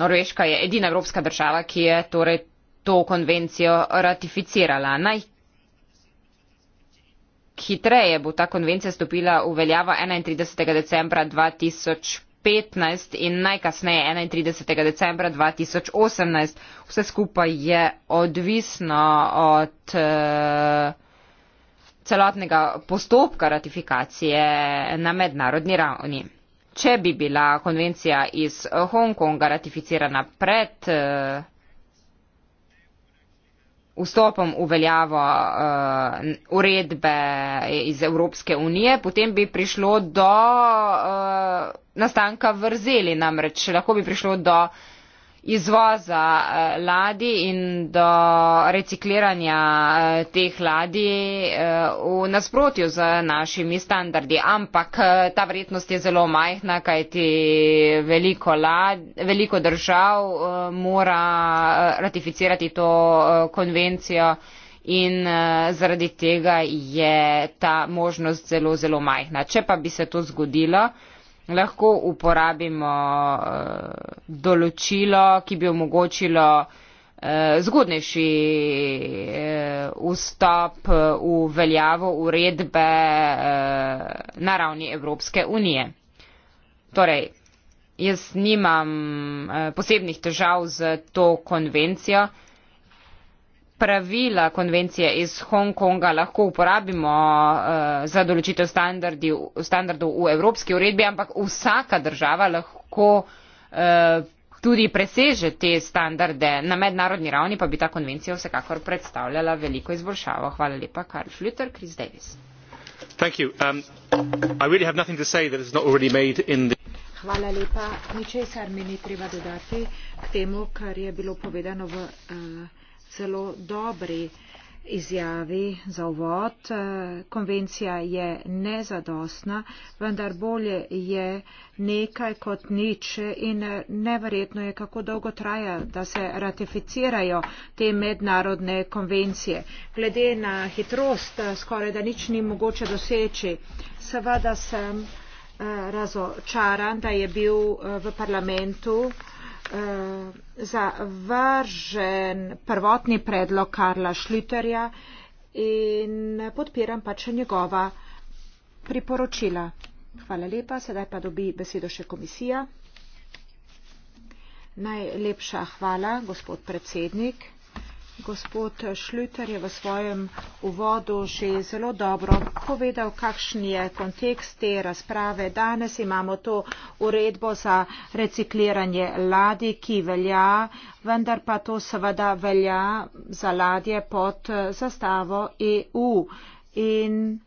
Norveška je edina evropska država, ki je torej to konvencijo ratificirala. Naj hitreje bo ta konvencija stopila v veljavo 31. decembra 2015 in najkasneje 31. decembra 2018. Vse skupaj je odvisno od. Uh, celotnega postopka ratifikacije na mednarodni ravni. Če bi bila konvencija iz Hongkonga ratificirana pred eh, vstopom v veljavo uh, uredbe iz Evropske unije, potem bi prišlo do uh, nastanka vrzeli, namreč lahko bi prišlo do uh, izvoza eh, ladij in do recikliranja eh, teh ladij eh, v nasprotju z našimi standardi. Ampak ta vrednost je zelo majhna, kajti veliko, lad, veliko držav mora ratificirati to konvencijo in zaradi tega je ta možnost zelo, zelo majhna. Če pa bi se to zgodilo, lahko uporabimo eh, določilo, ki bi omogočilo eh, zgodnejši eh, vstop v veljavo uredbe na ravni Evropske unije. Torej, jaz nimam posebnih težav z to konvencijo pravila konvencije iz Hongkonga lahko uporabimo uh, za določitev standardov v evropski uredbi, ampak vsaka država lahko uh, tudi preseže te standarde. Na mednarodni ravni pa bi ta konvencija vsekakor predstavljala veliko izboljšavo. Hvala lepa, Karl Flüter, Chris Davis. Um, Hvala lepa. Ničesar mi ni treba dodati k temu, kar je bilo povedano v. Uh, celo dobri izjavi za uvod. Eh, konvencija je nezadostna, vendar bolje je nekaj kot nič in eh, neverjetno je, kako dolgo traja, da se ratificirajo te mednarodne konvencije. Glede na hitrost, eh, skoraj da nič ni mogoče doseči. Seveda sem razočaran, da je bil v parlamentu Eh, zavržen prvotni predlog Karla Šliterja in podpiram pač njegova priporočila. Hvala lepa, sedaj pa dobi besedo še komisija. Najlepša hvala, gospod predsednik gospod Šluter je v svojem uvodu že zelo dobro povedal, kakšen je kontekst te razprave. Danes imamo to uredbo za recikliranje ladi, ki velja, vendar pa to seveda velja za ladje pod zastavo EU. In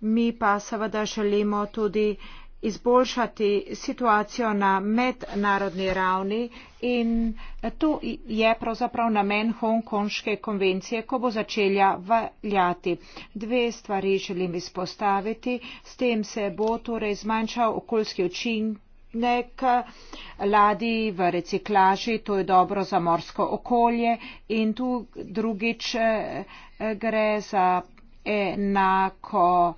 mi pa seveda želimo tudi izboljšati situacijo na mednarodni ravni in to je pravzaprav namen Hongkonške konvencije, ko bo začela veljati. Dve stvari želim izpostaviti, s tem se bo torej zmanjšal okoljski učin nek ladi v reciklaži, to je dobro za morsko okolje in tu drugič eh, gre za enako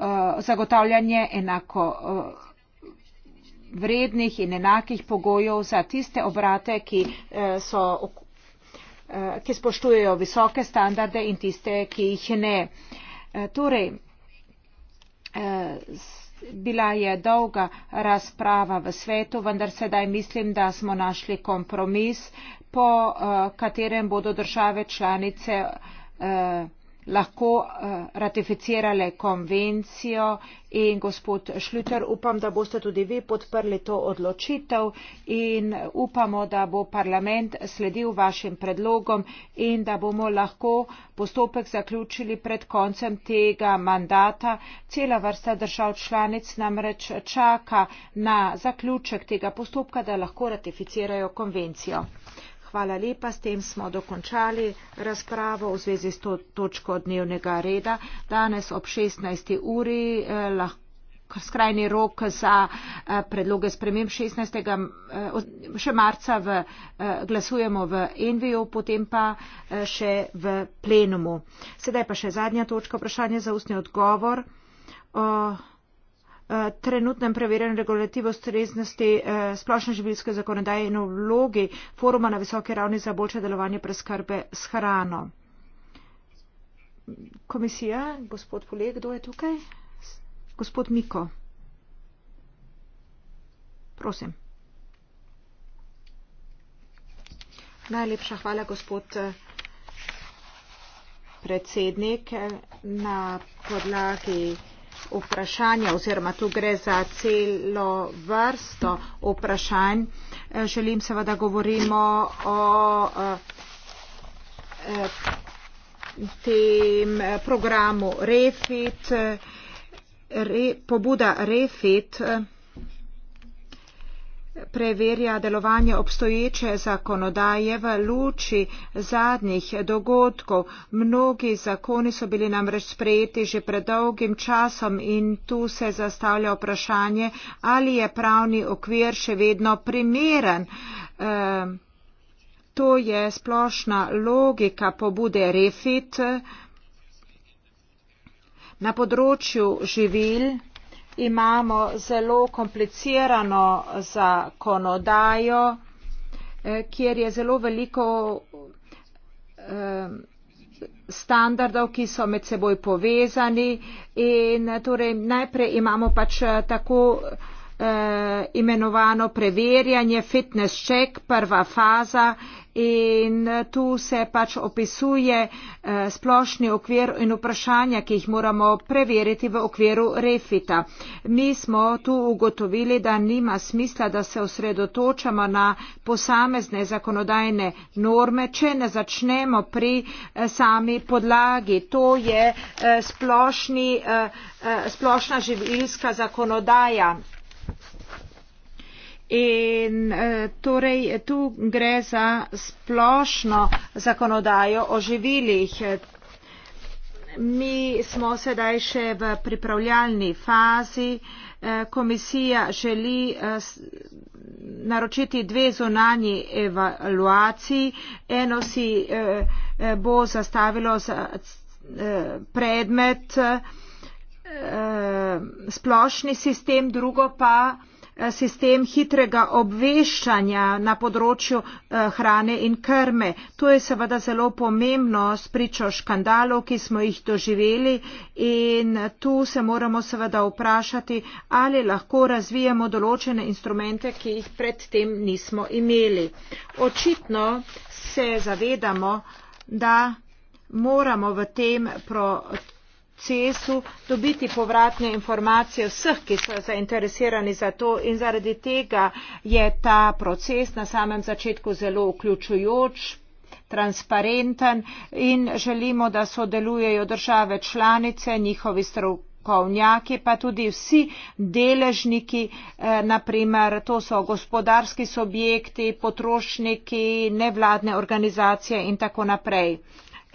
Eh, zagotavljanje enako eh, vrednih in enakih pogojev za tiste obrate, ki, eh, so, ki spoštujejo visoke standarde in tiste, ki jih ne. Torej, bila je dolga razprava v svetu, vendar sedaj mislim, da smo našli kompromis, po katerem bodo države članice lahko eh, ratificirale konvencijo in gospod Šluter, upam, da boste tudi vi podprli to odločitev in upamo, da bo parlament sledil vašim predlogom in da bomo lahko postopek zaključili pred koncem tega mandata. Cela vrsta držav članic namreč čaka na zaključek tega postopka, da lahko ratificirajo konvencijo. Hvala lepa. S tem smo dokončali razpravo v zvezi s to točko dnevnega reda. Danes ob 16. uri eh, lahko. Skrajni rok za eh, predloge sprememb 16. Eh, še marca v, eh, glasujemo v Enviju, potem pa še v plenumu. Sedaj pa še zadnja točka vprašanja za ustni odgovor. O, Eh, trenutnem preverjanju regulativ ustreznosti eh, splošne življenjske zakonodaje in vlogi foruma na visoke ravni za boljše delovanje preskrbe s hrano. Komisija, gospod Pule, kdo je tukaj? Gospod Miko. Prosim. Najlepša hvala, gospod eh, predsednik. Na podlagi vprašanja oziroma tu gre za celo vrsto vprašanj. Eh, želim seveda govorimo o eh, eh, tem programu REFIT, re, pobuda REFIT preverja delovanje obstoječe zakonodaje v luči zadnjih dogodkov. Mnogi zakoni so bili namreč sprejeti že pred dolgim časom in tu se zastavlja vprašanje, ali je pravni okvir še vedno primeren. E, to je splošna logika pobude Refit. Na področju živil imamo zelo komplicirano zakonodajo eh, kjer je zelo veliko eh, standardov ki so med seboj povezani in torej najprej imamo pač eh, tako eh, imenovano preverjanje, fitness check, prva faza. In eh, tu se pač opisuje eh, splošni okvir in vprašanja, ki jih moramo preveriti v okviru refita. Mi smo tu ugotovili, da nima smisla, da se osredotočamo na posamezne zakonodajne norme, če ne začnemo pri eh, sami podlagi. To je splošni, splošna živilska zakonodaja. In eh, torej tu gre za splošno zakonodajo o živilih. Mi smo sedaj še v pripravljalni fazi. Eh, komisija želi eh, naročiti dve zunanji evaluaciji. Eno si bo zastavilo za predmet Eh, splošni sistem, drugo pa eh, sistem hitrega obveščanja na področju eh, hrane in krme. To je seveda zelo pomembno spričo škandalov, ki smo jih doživeli in tu se moramo seveda vprašati, ali lahko razvijamo določene instrumente, ki jih predtem nismo imeli. Očitno se zavedamo, da moramo v tem proti CSU dobiti povratne informacije vseh, ki so zainteresirani za to in zaradi tega je ta proces na samem začetku zelo vključujoč transparenten in želimo, da sodelujejo države članice, njihovi strokovnjaki, pa tudi vsi deležniki, eh, naprimer to so gospodarski subjekti, potrošniki, nevladne organizacije in tako naprej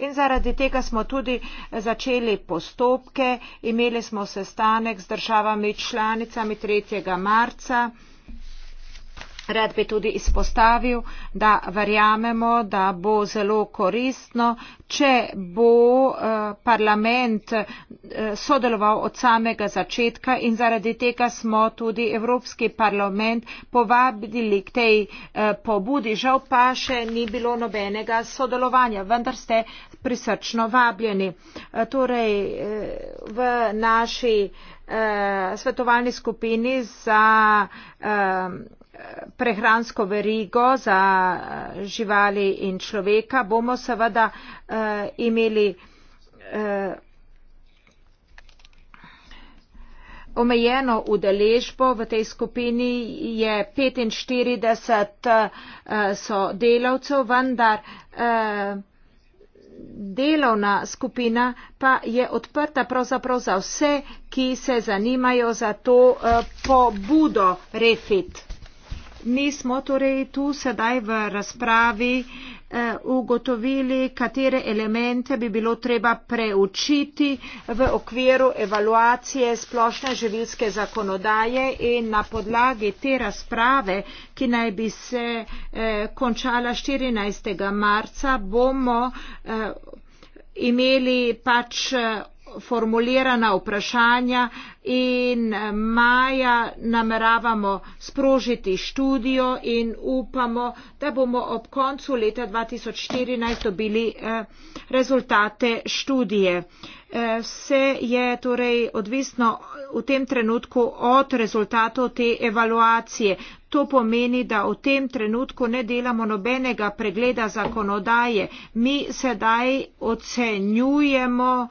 in zaradi tega smo tudi eh, začeli postopke. Imeli smo sestanek z državami članicami 3. marca. Rad bi tudi izpostavil, da verjamemo, da bo zelo koristno, če bo eh, parlament eh, sodeloval od samega začetka in zaradi tega smo tudi Evropski parlament povabili k tej eh, pobudi. Žal pa še ni bilo nobenega sodelovanja, vendar ste prisrčno vabljeni. Torej, v naši svetovalni skupini za prehransko verigo za eh, živali in človeka, bomo seveda uh, imeli uh, omejeno udeležbo v tej skupini. Je 45 uh, so delavcev, vendar uh, delovna skupina pa je odprta pravzaprav za vse, ki se zanimajo za to uh, pobudo refit. Mi smo torej tu sedaj v razpravi eh, ugotovili, katere elemente bi bilo treba preučiti v okviru evaluacije splošne živilske zakonodaje in na podlagi te razprave, ki naj bi se eh, končala 14. marca, bomo eh, imeli pač formulirana vprašanja in eh, maja nameravamo sprožiti študijo in upamo, da bomo ob koncu leta 2014 dobili eh, rezultate študije. Eh, vse je torej odvisno v tem trenutku od rezultatov te evaluacije. To pomeni, da v tem trenutku ne delamo nobenega pregleda zakonodaje. Mi sedaj ocenjujemo,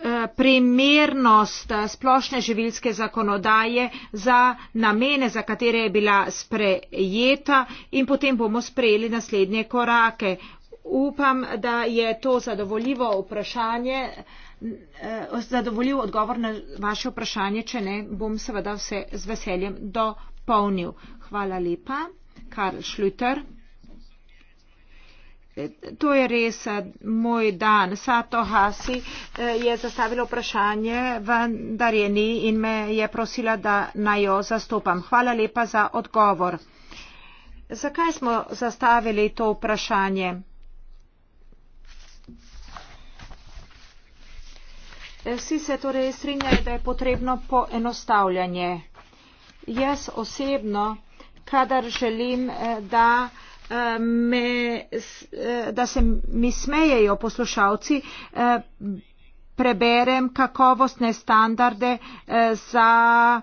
Eh, primernost eh, splošne živilske zakonodaje za namene, za katere je bila sprejeta in potem bomo sprejeli naslednje korake. Upam, da je to zadovoljivo vprašanje, eh, zadovoljiv odgovor na vaše vprašanje, če ne, bom seveda vse z veseljem dopolnil. Hvala lepa. Karl Schlüter. To je res eh, moj dan. Sato Hasi eh, je zastavila vprašanje, vendar je ni in me je prosila, da naj jo zastopam. Hvala lepa za odgovor. Zakaj smo zastavili to vprašanje? Vsi se torej strinjajo, da je potrebno poenostavljanje. Jaz osebno, kadar želim, eh, da me, eh, da se mi smejejo poslušalci, eh, preberem kakovostne standarde eh, za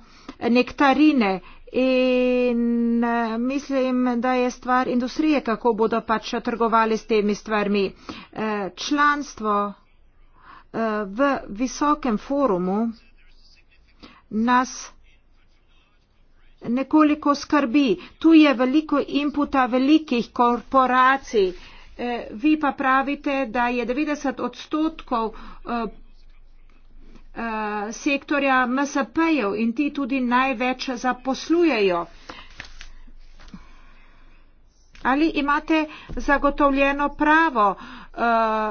nektarine. In mislim, da je stvar industrije, kako bodo pač trgovali s temi stvarmi. Članstvo v visokem forumu nas nekoliko skrbi. Tu je veliko inputa velikih korporacij. Eh, vi pa pravite, da je 90 odstotkov eh, eh, sektorja MSP-jev in ti tudi največ zaposlujejo. Ali imate zagotovljeno pravo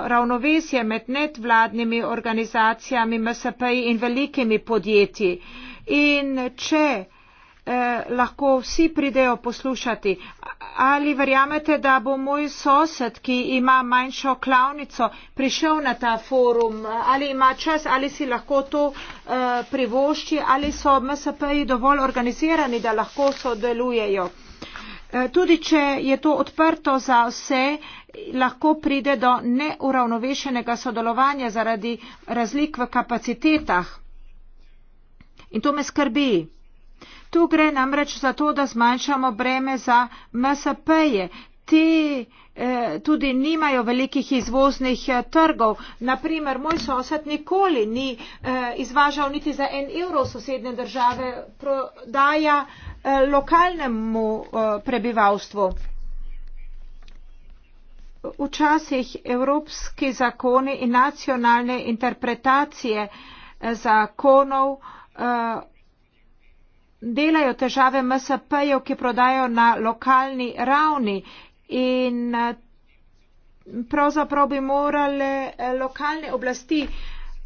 ravnovesje med nedvladnimi organizacijami MSP-ji in velikimi podjetji? In če Eh, lahko vsi pridejo poslušati. Ali verjamete, da bo moj sosed, ki ima manjšo klavnico, prišel na ta forum? Ali ima čas, ali si lahko to e, privošči, ali so MSP-ji dovolj organizirani, da lahko sodelujejo? E, tudi če je to odprto za vse, lahko pride do neuravnovešenega sodelovanja zaradi razlik v kapacitetah. In to me skrbi. Tu gre namreč za to, da zmanjšamo breme za MSP-je. Ti eh, tudi nimajo velikih izvoznih eh, trgov. Naprimer, moj sosed nikoli ni eh, izvažal niti za en evro sosedne države, prodaja lokalnemu prebivalstvu. Včasih evropski zakoni in nacionalne interpretacije zakonov delajo težave MSP-jev, ki prodajo na lokalni ravni in eh, pravzaprav bi morale eh, lokalne oblasti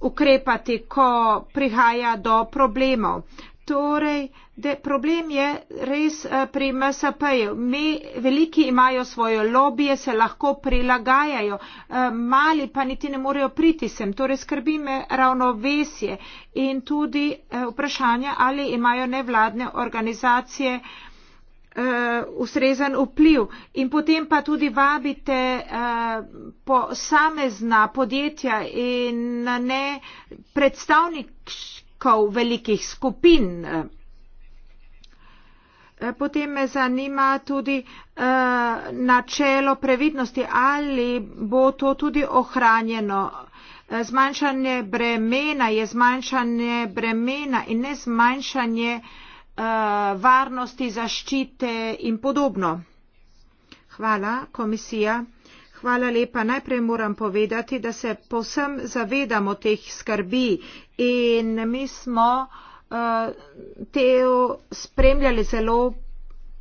ukrepati, ko prihaja do problemov. Torej, De, problem je res eh, pri MSP-ju. Mi veliki imajo svoje lobije, se lahko prilagajajo, eh, mali pa niti ne morejo priti sem. Torej skrbi me ravnovesje in tudi eh, vprašanje, ali imajo nevladne organizacije ustrezen vpliv. In potem pa tudi vabite posamezna podjetja in ne predstavnikov velikih skupin. Eh, potem me zanima tudi eh, načelo previdnosti, ali bo to tudi ohranjeno. Eh, zmanjšanje bremena je zmanjšanje bremena in ne zmanjšanje varnosti, zaščite in podobno. Hvala, komisija. Hvala lepa. Najprej moram povedati, da se posem zavedamo teh skrbi in mi smo te spremljali zelo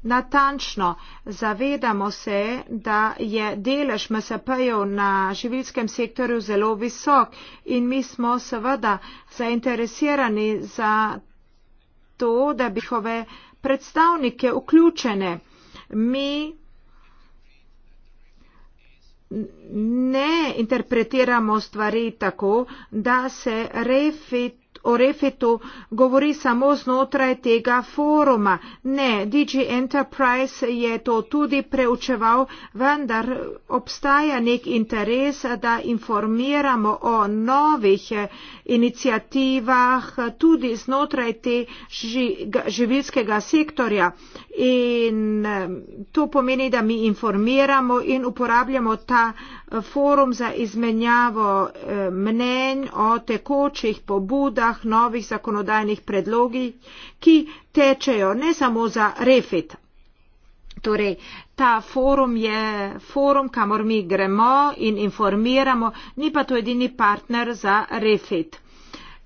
natančno. Zavedamo se, da je delež MSP-jev na živilskem sektorju zelo visok in mi smo seveda zainteresirani za to, da bi njihove predstavnike vključene. Mi ne interpretiramo stvari tako, da se refit o Refitu govori samo znotraj tega foruma. Ne, DG Enterprise je to tudi preučeval, vendar obstaja nek interes, da informiramo o novih eh, inicijativah tudi znotraj te živilskega sektorja. In eh, to pomeni, da mi informiramo in uporabljamo ta eh, forum za izmenjavo mnenj o tekočih pobudah, obravnavah novih zakonodajnih predlogi, ki tečejo ne samo za refit. Torej, ta forum je forum, kamor mi gremo in informiramo, ni pa to edini partner za refit.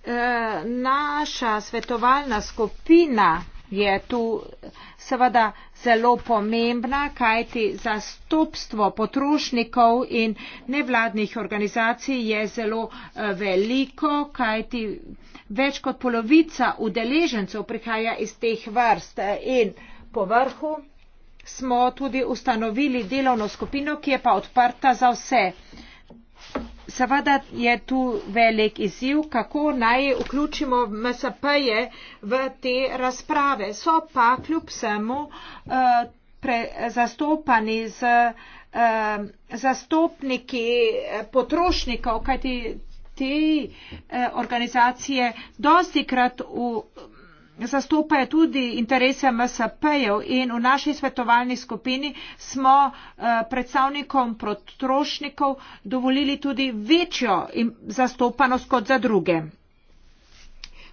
E, naša svetovalna skupina je tu seveda zelo pomembna, kajti zastopstvo potrošnikov in nevladnih organizacij je zelo e, veliko, kajti več kot polovica udeležencev prihaja iz teh vrst in povrhu smo tudi ustanovili delovno skupino, ki je pa odprta za vse. Seveda je tu velik izziv, kako naj vključimo MSP-je v te razprave. So pa kljub vsemu eh, zastopani z eh, zastopniki eh, potrošnikov, kajti te eh, organizacije dostikrat zastopajo tudi interese MSP-jev in v naši svetovalni skupini smo eh, predstavnikom potrošnikov dovolili tudi večjo zastopanost kot za druge.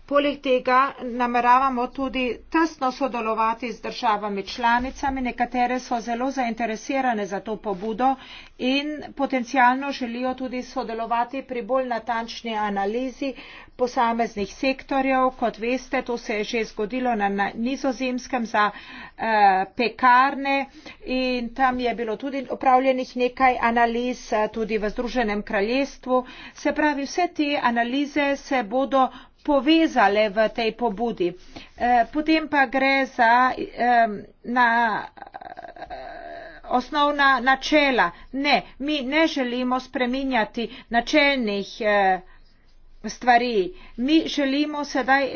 Poleg tega nameravamo tudi tesno sodelovati z državami članicami, nekatere so zelo zainteresirane za to pobudo in potencialno želijo tudi sodelovati pri bolj natančni analizi posameznih sektorjev. Kot veste, to se je že zgodilo na nizozemskem za eh, pekarne in tam je bilo tudi upravljenih nekaj analiz eh, tudi v Združenem kraljestvu. Se pravi, vse te analize se bodo povezale v tej pobudi. Eh, potem pa gre za na, eh, osnovna načela. Ne, mi ne želimo spreminjati načelnih eh, stvari. Mi želimo sedaj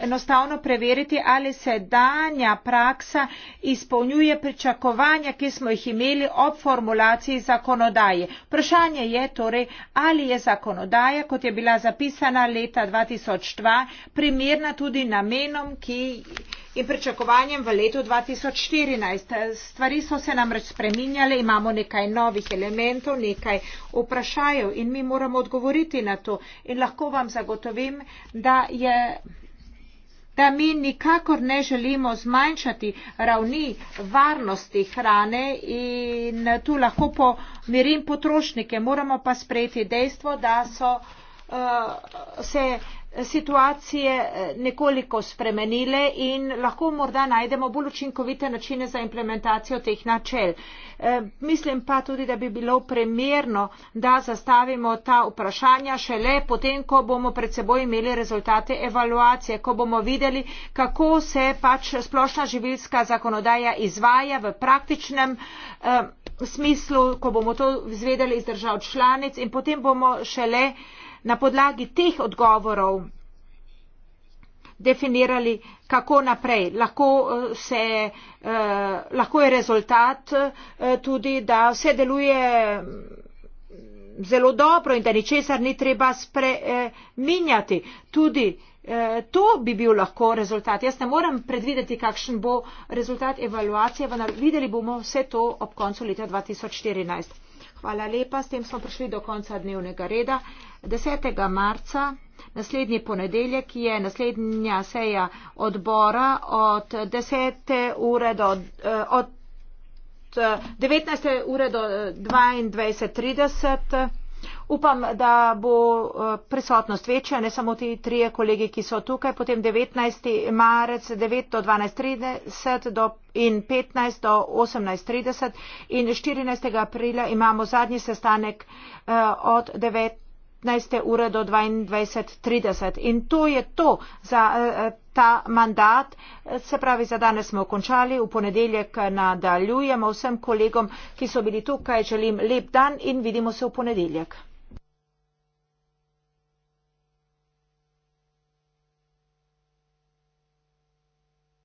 enostavno preveriti, ali se danja praksa izpolnjuje pričakovanja, ki smo jih imeli ob formulaciji zakonodaje. Vprašanje je torej, ali je zakonodaja, kot je bila zapisana leta 2002, primerna tudi namenom, ki in pričakovanjem v letu 2014. Stvari so se nam reč spreminjale, imamo nekaj novih elementov, nekaj vprašajev in mi moramo odgovoriti na to. In lahko vam zagotovim, da, je, da mi nikakor ne želimo zmanjšati ravni varnosti hrane in tu lahko pomirim potrošnike. Moramo pa sprejeti dejstvo, da so uh, se situacije eh, nekoliko spremenile in lahko morda najdemo bolj učinkovite načine za implementacijo teh načel. Eh, mislim pa tudi, da bi bilo primerno, da zastavimo ta vprašanja šele potem, ko bomo pred seboj imeli rezultate evaluacije, ko bomo videli, kako se pač splošna živilska zakonodaja izvaja v praktičnem v eh, smislu, ko bomo to izvedeli iz držav članic in potem bomo šele eh, na podlagi teh odgovorov definirali, kako naprej. Lahko, eh, se, eh, lahko je rezultat eh, tudi, da vse deluje mm, zelo dobro in da ničesar ni treba spreminjati. Tudi to bi bil lahko rezultat. Jaz ne morem predvideti, kakšen bo rezultat evaluacije, vendar videli bomo vse to ob koncu leta 2014. Hvala lepa. S tem smo prišli do konca dnevnega reda. 10. marca, naslednji ponedeljek, je naslednja seja odbora od 10. ure do. Eh, od 19. Eh, ure do 22.30. Upam, da bo eh, prisotnost večja, ne samo ti trije kolegi, ki so tukaj. Potem 19. marec 9 do 12.30 do in 15 do 18.30 in 14. aprila imamo zadnji sestanek eh, od 19. ure do 22.30. In to je to za eh, ta mandat. Se pravi, za danes smo končali, v ponedeljek nadaljujemo vsem kolegom, ki so bili tukaj. Želim lep dan in vidimo se v ponedeljek.